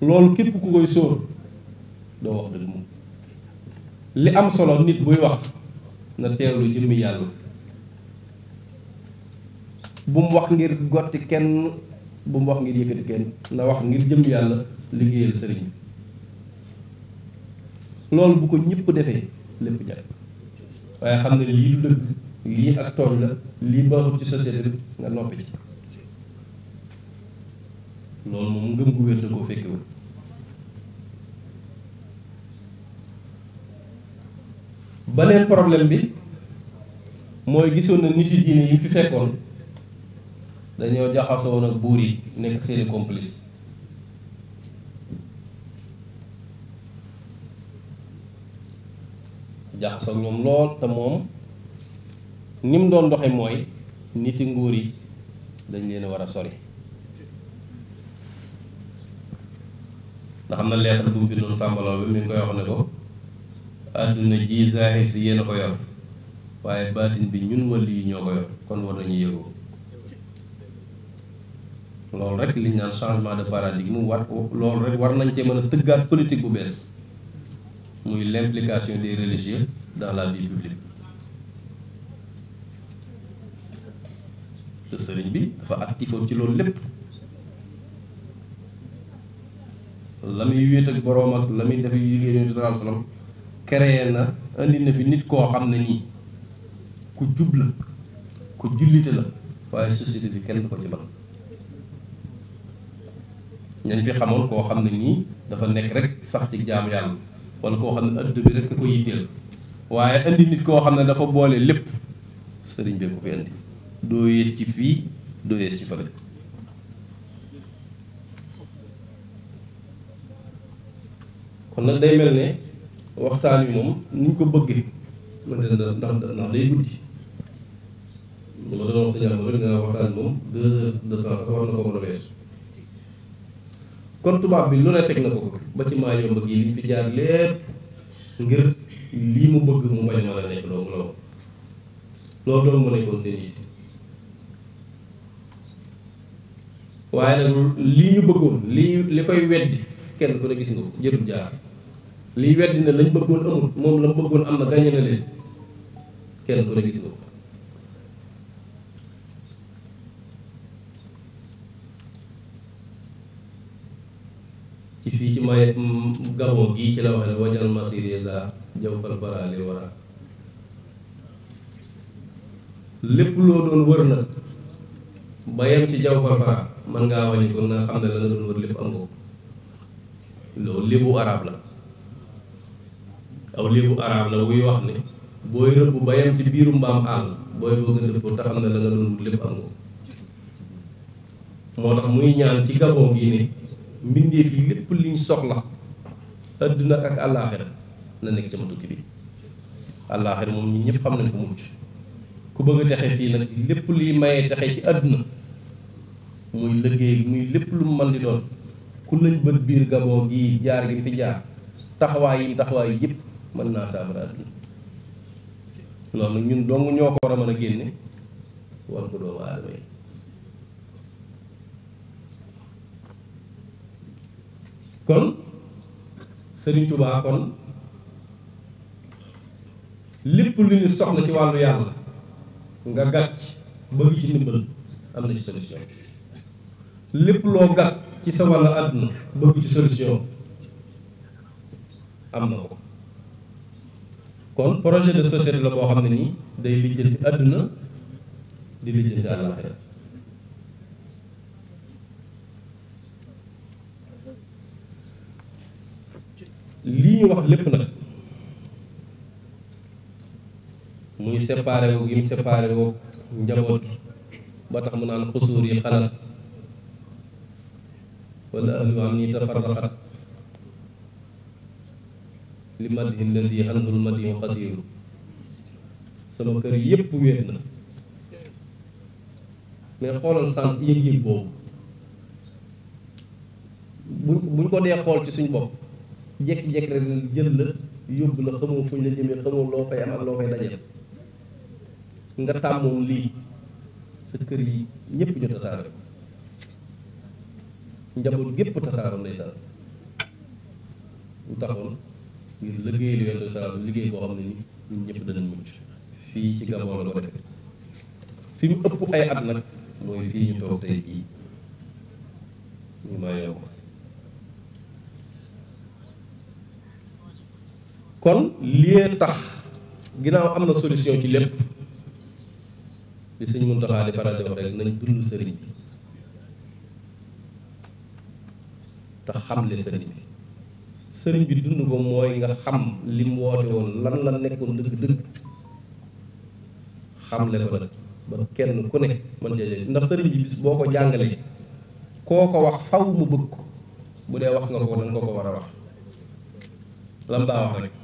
loolu képp ku koy sóor doo wax dëgg moom li am solo nit buy wax na teewlu jëmmi yàlla bu mu wax ngir gotti kenn bu mu wax ngir yëkkati kenn na wax ngir jëmmi yàlla liggéeyal sëriñ bi loolu bu ko ñëpp defee lépp jàpp waaye xam ne lii du dëgg lii ak tooñ la lii baaxul ci société bi nga noppi ci loolu moom ngëm gu wér da koo fekkewul beneen problème bi mooy gisoon na nit yi diine yi fi fekkoon dañoo jaxasoo woon ak buur yi nekk seeni complice jaxasoog moom lool te moom ni mu doon doxe mooy niti nguur yi dañ leen war a sori ndax am na lettre bu bi bindoon sàmbaloo bi mi ngi koy wax ne ko àdduna ji zaaxir si yéen a ko yor waaye baatin bi ñun wàllu yi ñoo ko yor kon war nañu yëgoo loolu rek li ñu naan changement de paradigme war loolu rek war nañ cee mën a tëggaat politique bu bees muy l'implication des religieux dans la vie publique te sëriñ bi dafa actifoon ci loolu lépp la muy wéet ak boroom ak la muy def liggéey yonent bi sallallahu alayhi na indi na fi nit koo xam na nii ku jub la ku jullite la waaye société bi kenn ko ci man ñañ fi xamoon koo xam ne nii dafa nekk rek sax ci jaam yàlla wala koo xam ne adduna bi rek ko yitteel waaye indi nit koo xam ne dafa boole lépp sëriñ bi ko fi indi doo yées ci fii doo yées ci fële kon nag day mel ne waxtaan wi moom ni ñu ko bëggee man de ndax ndax day guddi li ma doon wax sa jàmm war na ko mën a weesu kon tubaab bi lu ne teg na ko ba ci maa yomb gii liñ fi jaar lépp ngir lii mu bëgg mu bañ a mën a nekk dong loolu loolu dong nekkoon seen yitte waaye lii ñu bëggoon lii li koy weddi kenn ku gis nga jërul jaar lii weddi ne lañ bëggoon amul moom la mu bëggoon am na gañe na leen kenn ku gis nga fii ci may mm, gabon gii ci la waxee wajal masirisa jawfal barali war a lépp loo doon wër nag ba yem ci jawfal bara mën ngaa wàññi ko xam ne la nga doon wër lépp am loolu lébu arab la aw lébu arab la wuy wax ne booy rëbb ba yem ci biiru mbaam àll booy bëgg a rëbb te xam ne la nga doon lépp am moo tax muy ñaan ci gabon gii ne mbindeef yi lépp liñ soxla àdduna ak àllaaxira na nekk sama tukki bi àllaaxira moom ñi ñëpp xam na ko mucc ku bëgg a texe fii nag lépp luy maye texe ci àdduna muy liggéey muy lépp lu mu mën di doon ku lañ bët biir gaboo gi jaar gi fi jaar taxawaay yi taxawaay yëpp mën naa saabara àdduna loolu ñun dong ñoo ko a mën génne war ko doomu aadama yi kon Serigne Touba kon lépp lu ñu soxla ci wàllu yàlla nga gàcc bëgg ci ndimbal am na ci solution lépp loo gàcc ci sa wàllu àdduna bëgg ci solution am na ko kon projet de société la boo xam ne nii day lijjanti àdduna di lijjanti àllaaxira lii ñu wax lépp nag muy séparé wu gi mu séparé wu njaboot ba tax mu naan xusuur yi xalat wala ahlu am ni tafarraqat li madhi alladi anhul madihu xasiiru sama kër yépp wéet na mais xoolal sant yëg-yëg boobu buñ buñ ko dee xool ci suñ bopp jékki-jékki rek jël la yóbbu la nga tàmmoon lii sa kër yi ñëpp ñu tasaare ko njaboot gépp tasaaroon ndeysaan lu taxoon ngir liggéey lu yonte salaam liggéey boo xam ne ni ñun ñëpp danañ mucc fii ci Gabon la ko fi mu ëpp ay at nag mooy fii ñu toog tey jii ñu maa yow kon lii tax ginnaaw am na solution ci lépp li sëñ Muntaxa di faral di wax rek nañ dund sëriñ bi te xamle sëriñ sëriñ bi dund ko mooy nga xam li mu woote woon lan la nekkoon dëgg-dëgg xam ko nag ba kenn ku ne mën jaajëf ndax sëriñ bi bis boo ko jàngalee koo ko wax faw mu bëgg ko bu dee wax nga ko danga ko ko war a wax lan daa wax rek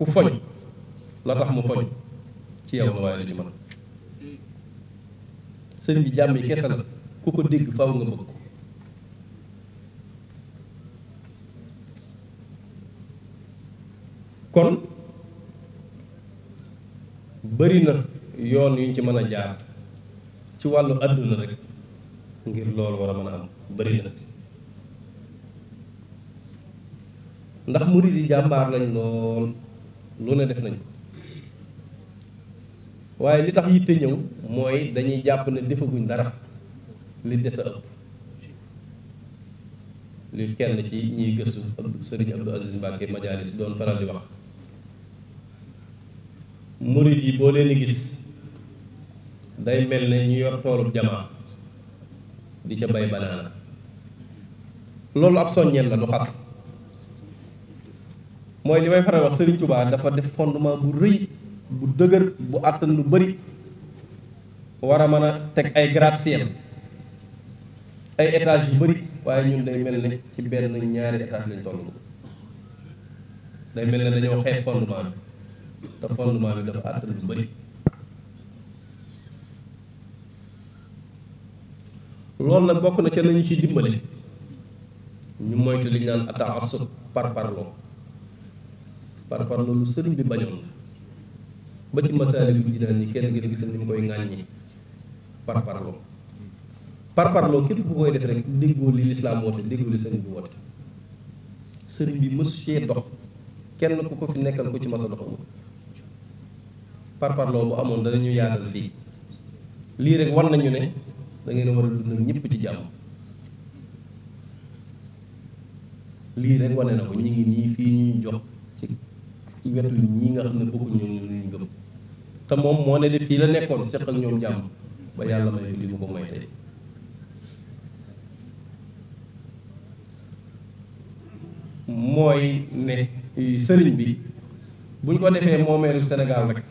ku foñ la tax mu foñ ci yow la waaye di man sëñ bi jàmm yi kese la ku ko dégg faw nga bëgg kon bëri na yoon yuñ ci mën a jaar ci wàllu àdduna rek ngir loolu war a mën a am bëri na ndax murid yi jàmbaar lañ lool lu ne def nañ waaye li tax yitte ñëw mooy dañuy jàpp ne defaguñ dara li des a ëpp li kenn ci ñiy gëstu sëriñ Abdou Aziz Mbacke Majalis doon faral di wax murid yi boo leen gis day mel ne ñu yor toolub jamaa di ca bay banaana loolu ab soññeen la du xas mooy li may faral wax Serigne Touba dafa def fondement bu rëy bu dëgër bu àttan lu bari war a mën a teg ay gratte-ciel ay étage yu bari waaye ñun day mel ni ci benn ñaari étage lañ toll day mel ni dañoo xeex fondement bi te fondement bi dafa àttan lu bëri loolu nag bokk na ca lañu ciy dimbali ñu moytu li ñu naan attaque par parlo par rapport loolu sëriñ bi bañoon ba ci Masaalikul Jinaan ni kenn ngeen gis ni mu koy ŋàññi par parloo par parloo képp ku koy def rek déggoo li lislaam woote déggoo li sëriñ bi woote sëriñ bi mësu cee dox kenn ku ko fi nekkal ko ci masa dox par parloo bu amoon danañu yaatal fii lii rek wan nañu ne dangeen ngeen war a dund ñëpp ci jàmm lii rek wane na ko ñu ngi nii fii ñuy jox ci wetu ñii nga xam ne bokkuñu ñoom ñu gëm te moom moo ne de fii la nekkoon seq ak ñoom jàmm ba yàlla may li mu ko may tey mooy ne sëriñ bi buñ ko defee moomeelu Sénégal rek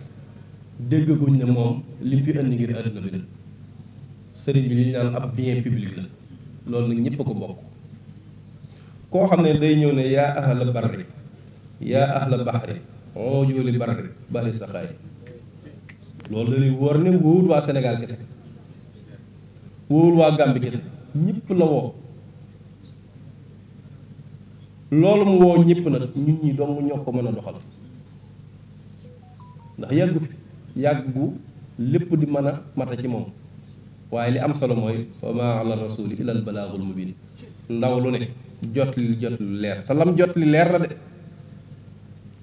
déggaguñ ne moom li mu fi indi ngir àdduna bi la sëriñ bi li ñu naan ab bien public la loolu nag ñëpp a ko bokk koo xam ne day ñëw ne yaa ahal barri yaa ahla baxri oojoo li barri bari sa xaay loolu dañuy wóor ne wóorul waa Sénégal kese wóorul waa Gambie kese ñëpp la woo loolu mu woo ñëpp nag ñun ñi dong ñoo ko mën a doxal ndax yàggu fi yàggu lépp di mën a mata ci moom waaye li am solo mooy wa maa ala rasuli illa al balaagul mubin ndaw lu ne jot li jot lu leer te lam jot li leer na de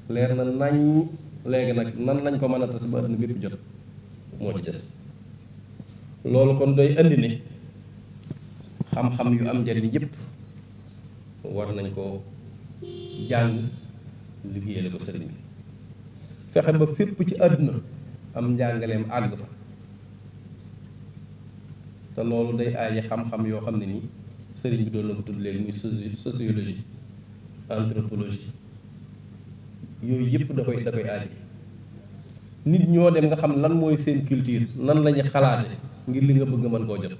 leer na nañ léegi nag nan lañ ko mën a tas ba àdduna bépp jot moo ci des loolu kon doy andi ne xam-xam yu am njariñ yëpp war nañ ko jàng liggéeyale ko sëriñ bi fexe ba fépp ci àddina am njàngaleem àgg fa te loolu day aaje xam-xam yoo xam ne nii sëriñ bi doon na ko tudd léegi muy sociologie anthropologie yooyu yëpp da koy da koy aaj nit ñoo dem nga xam lan mooy seen culture nan la ñu xalaate ngir li nga bëgg mën koo jot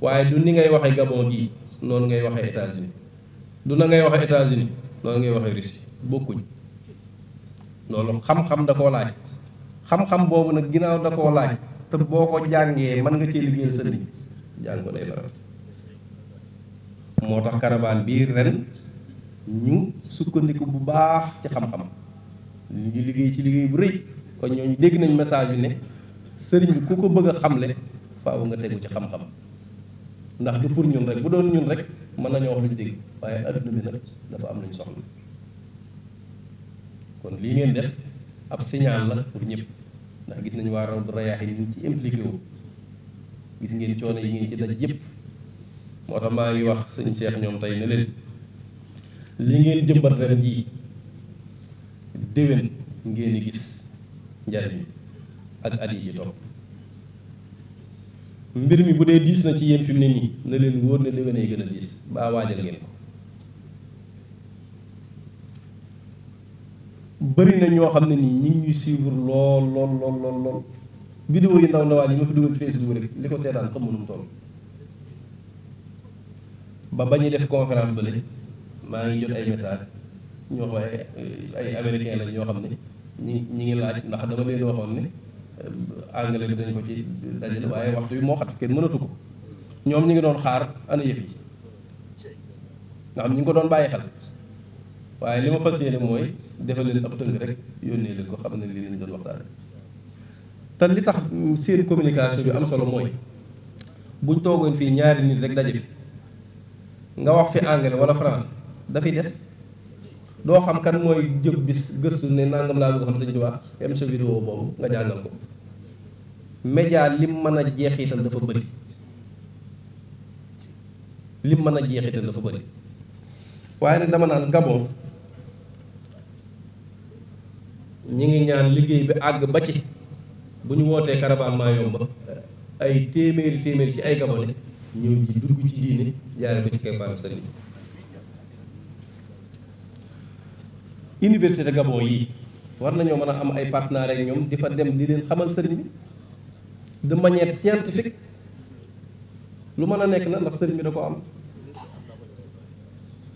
waaye du ni ngay waxee Gabon gii noonu ngay waxee États-Unis du na ngay waxee États-Unis noonu ngay waxee Russie bokkuñ loolu xam-xam da koo laaj xam-xam boobu nag ginnaaw da koo laaj te boo ko jàngee mën nga cee liggéeyal sa nit jàng ko day faral moo tax caravane bii ren ñu sukkandiku bu baax ci xam-xam ñu liggéey ci liggéey bu rëy kon ñooñu dégg nañ message bi ne sëriñ bi ku ko bëgg a xamle faaw nga tegu ci xam-xam ndax du pour ñun rek bu doon ñun rek mën nañoo wax lu ñu dégg waaye adduna bi nag dafa am lu ñu soxla kon lii ngeen def ab signal la pour ñëpp ndax gis nañu waa Rawdu Rayaahin yi ñu ci impliqué wu gis ngeen coono yi ngeen ci daj yëpp moo tax maa ngi wax sëñ Cheikh ñoom tey ne li ngeen jëmbat ren jii déwén ngeen di gis njariñ ak at yi ci topp mbir mi bu dee diis na ci yéen fi ne nii na leen wóor ne déwén ay gën a diis baa waajal ngeen ko bëri na ñoo xam ne nii ñu ngi ñuy suivre lool lool lool lool lool vidéo yi ndaw ndawaan yi ma fi dugal Facebook rek li ko seetaan xamu nu mu ba bañuy def conférence ba léegi maa ngi jot ay message ñu wax euh, ay américain lañ ñoo xam ne ñi ñi ngi laaj ndax dama leen waxoon ne euh, anglais bi dañ ko ci dajale waaye waxtu bi moo xat kenn mënatu ko ñoom ñu ngi doon xaar ana yëf yi nga xam ñi ngi ko doon bàyyi xel waaye li ma fa yéene mooy defal leen ab tënk rek yónnee leen ko xam ne lii lañ doon waxtaane te li tax seen communication bi am solo mooy buñ toogoon fii ñaari nit rek daje fi nga wax fi anglais wala français dafay des doo xam kan mooy jëb bis gëstu ne nangam laa bëgg xam sëñ Tuubaa yam sa vidéo boobu nga jàngal ko média lim mën a jeexital dafa bëri lim mën a jeexital dafa bëri waaye nag dama naan Gabon ñi ngi ñaan liggéey bi àgg ba ci bu ñu wootee Karabakh maa yomba ay téeméeri téeméeri ci ay Gabonais ñëw ji dugg ci diine jaare ko ci keppaaru sëriñ université Gabon yii war nañoo mën a am ay partenaires ak ñoom di fa dem di leen xamal sëriñ bi de manière scientifique lu mën a nekk la ndax sëriñ bi da ko am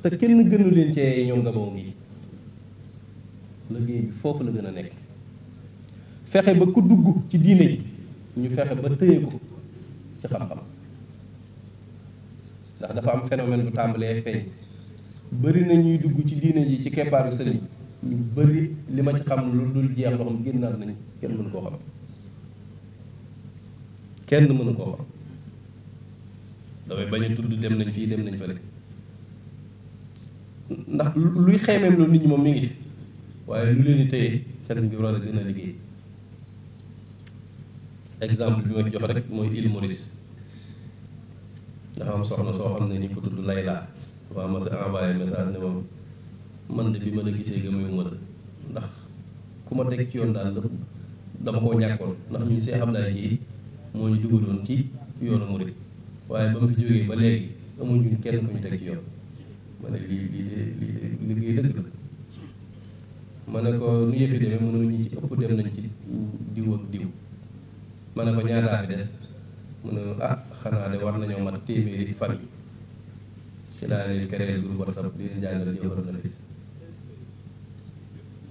te kenn gënu leen cee ñoom Gabon gi liggéey bi foofu la gën a nekk fexe ba ku dugg ci diine yi ñu fexe ba tëye ko ci xam-xam ndax dafa am phénomène bu tàmbalee feeñ bëri na ñuy dugg ci diine ji ci keppaaru sëriñ lu bëri li ma ci xam lu dul jeex loo xam génnaat nañ kenn mënu koo xam kenn mënu koo xam damay bañ tudd dem nañ fii dem nañ fële ndax lu luy xeemeem loolu nit ñi moom mi ngi waaye lu leen di téye sëriñ bi war a gën liggéey exemple bi ma jox rek mooy île Maurice dafa am soxna soo xam ne ñu ko tudd Layla dafa am sa message ne moom man de bi ma la gisee gëmëyuma la ndax ku ma teg ci yoon daal dama koo ñàkkoon ndax ñun see xam naa ji moo ñu dugaloon ci yoonu murid waaye ba mu fi jógee ba léegi amuñu kenn ku ñu teg ci yoon ma ne lii lii ko nu yëfi demee mënu ñu ëpp dem nañ ci diw ak ma ne ko ñaataa des mu ne ah xanaa de wax nañoo ma téeméeri fan yi ci laa leen créé groupe WhatsApp di leen jàngal jëwar na bis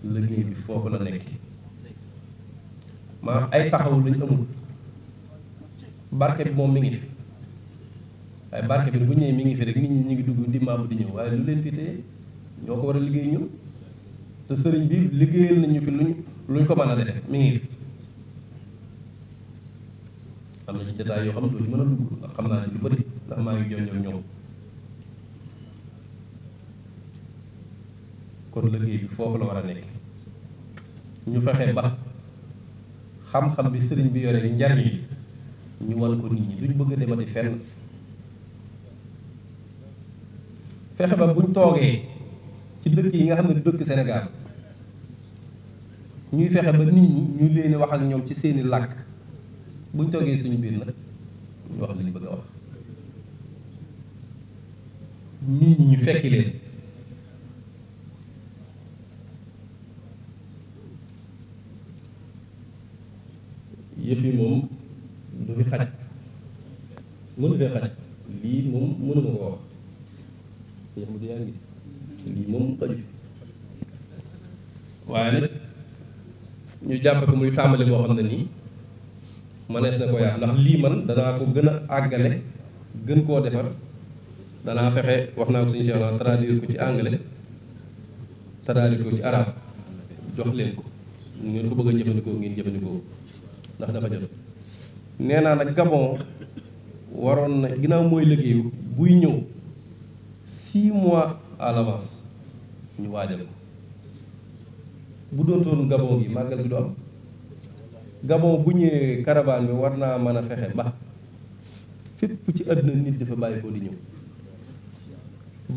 liggéey bi foofu la nekk maanaam ay taxaw lañ amul barke bi moom mi ngi fi waaye barke bi bu ñëwee mi ngi fi rek ñi ngi dugg ndimaabu di ñëw waaye lu leen fi téye ñoo ko war a liggéey ñun te sëriñ bi liggéeyal nañu fi luñ luñ ko mën a def mi ngi fi am na ci jotaay yoo xam ne doo ci mën a dugg ndax xam naa ne lu bari ndax maa ngi joññoo ñoom kon liggéey bi foofu la war a nekk ñu fexe ba xam-xam bi sëriñ bi yore bi njariñ bi ñu wan ko nit ñi duñ bëgg a demati fenn fexe ba buñ toogee ci dëkk yi nga xam ne du dëkk Sénégal ñuy fexe ba nit ñi ñu leen wax ak ñoom ci seeni làkk buñ toogee suñu biir nag ñu wax li bëgg a wax nit ñi ñu fekki leen jàpp ko muy tàmbali boo xam ne nii mënees na ko yaa ndax lii man danaa ko gën a àggale gën koo defar danaa fexe wax naa ko suñu Cheikh traduire ko ci anglais traduire ko ci arabe jox leen ko ngeen ko bëgg a jëfandikoo ngeen jëfandikoo ndax dafa jot nee naa nag Gabon waroon na ginnaaw mooy liggéeyu buy ñëw six mois à l'avance ñu waajal ko bu dootoon gabon gi màggal gi du am gabon bu ñëwee caravane bi war naa mën a fexe ci àdduna nit dafa bàyyi di ñëw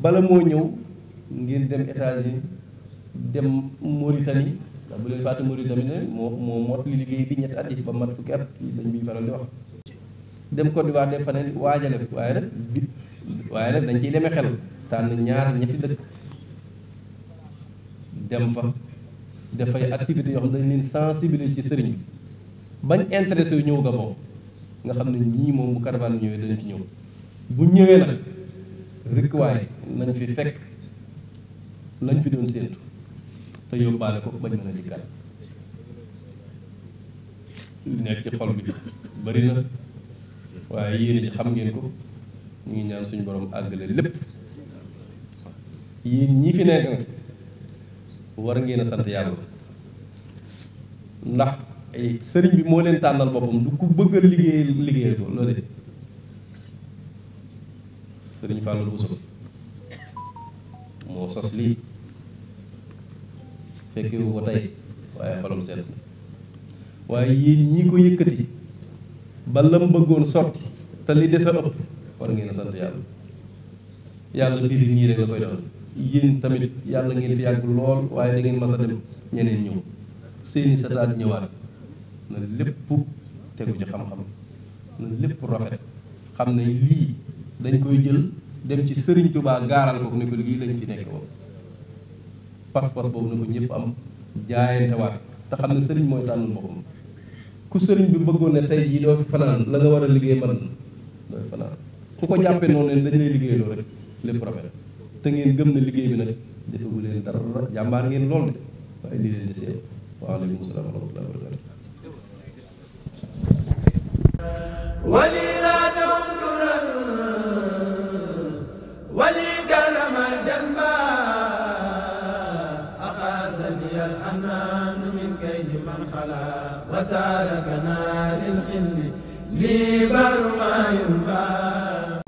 bala moo ñëw ngir dem États-Unis dem Mauritanie ndax bu leen fàtte Mauritanie ne moo moo mot li liggéey bi ñetti at yi ba mat fukki at yi sëñ bi faral di wax dem Côte d'Ivoire dem faneen waajale waaye nag bi waaye nag dañ ci deme xel tànn ñaar ñetti dëkk dem fa dafay activité yoo xam dañ leen sensibiliser ci sëriñ bi bañ intéressé yu ñëw Gabon nga xam ne ñii moom bu caravane ñëwee danañ ci ñëw bu ñëwee nag rikwaay nañ fi fekk lañ fi doon séentu te yóbbaale ko bañ mën a dikkaat nekk ci xol bi bari na waaye yii ji xam ngeen ko ñu ngi ñaan suñu borom àggale lépp yéen ñi fi nekk nag war ngeen a sant yàlla ndax sëriñ bi moo leen tànnal boppam du ku bëgg a liggéey liggéey ko loolu de sëriñ Fallou Bousso moo sos lii fekke wu ko tey waaye xolam seet waaye yéen ñi ko yëkkati ba la mu bëggoon sotti te li des a ëpp war ngeen a sant yàlla yàlla biir ñii rek la koy doon yéen tamit yàlla ngeen fi yàgg lool waaye da ngeen mas dem ñeneen ñëw seeni sataat ñëwaat na lépp tegu ci xam-xam na lépp rafet xam ne lii dañ koy jël dem ci sëriñ tubaa gaaral ko ne ko lii lañ fi nekk woon pas-pas boobu na ko ñëpp am jaayantewaat te xam ne sëriñ mooy tànn boppam ku sëriñ bi bëggoon ne tey jii doo fanaan la nga war a liggéey man doo fi fanaan ku ko jàppee noonu ne dañ lay liggéeyloo rek lépp rafet te ngeen gëm na liggéey bi nag defegu leen dara jàmbaar ngeen lool de waaye li leen desee waaleykum salaam wa rahmatullahi wa barakatu wali raadawm duran wali galamal janba aqaasani al anam min kaydi man xala wasalaka naaril xilli li baru ma yumba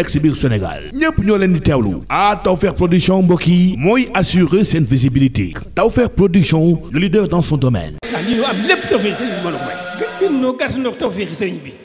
nekk si biir Sénégal ñépp ñoo leen di teewlu ah Tawfekh production mbokk yi mooy assurer seen visibilité Tawfekh production le leader dans son domaine. ah lii am lépp Tawfekh sëriñ bi mën a may.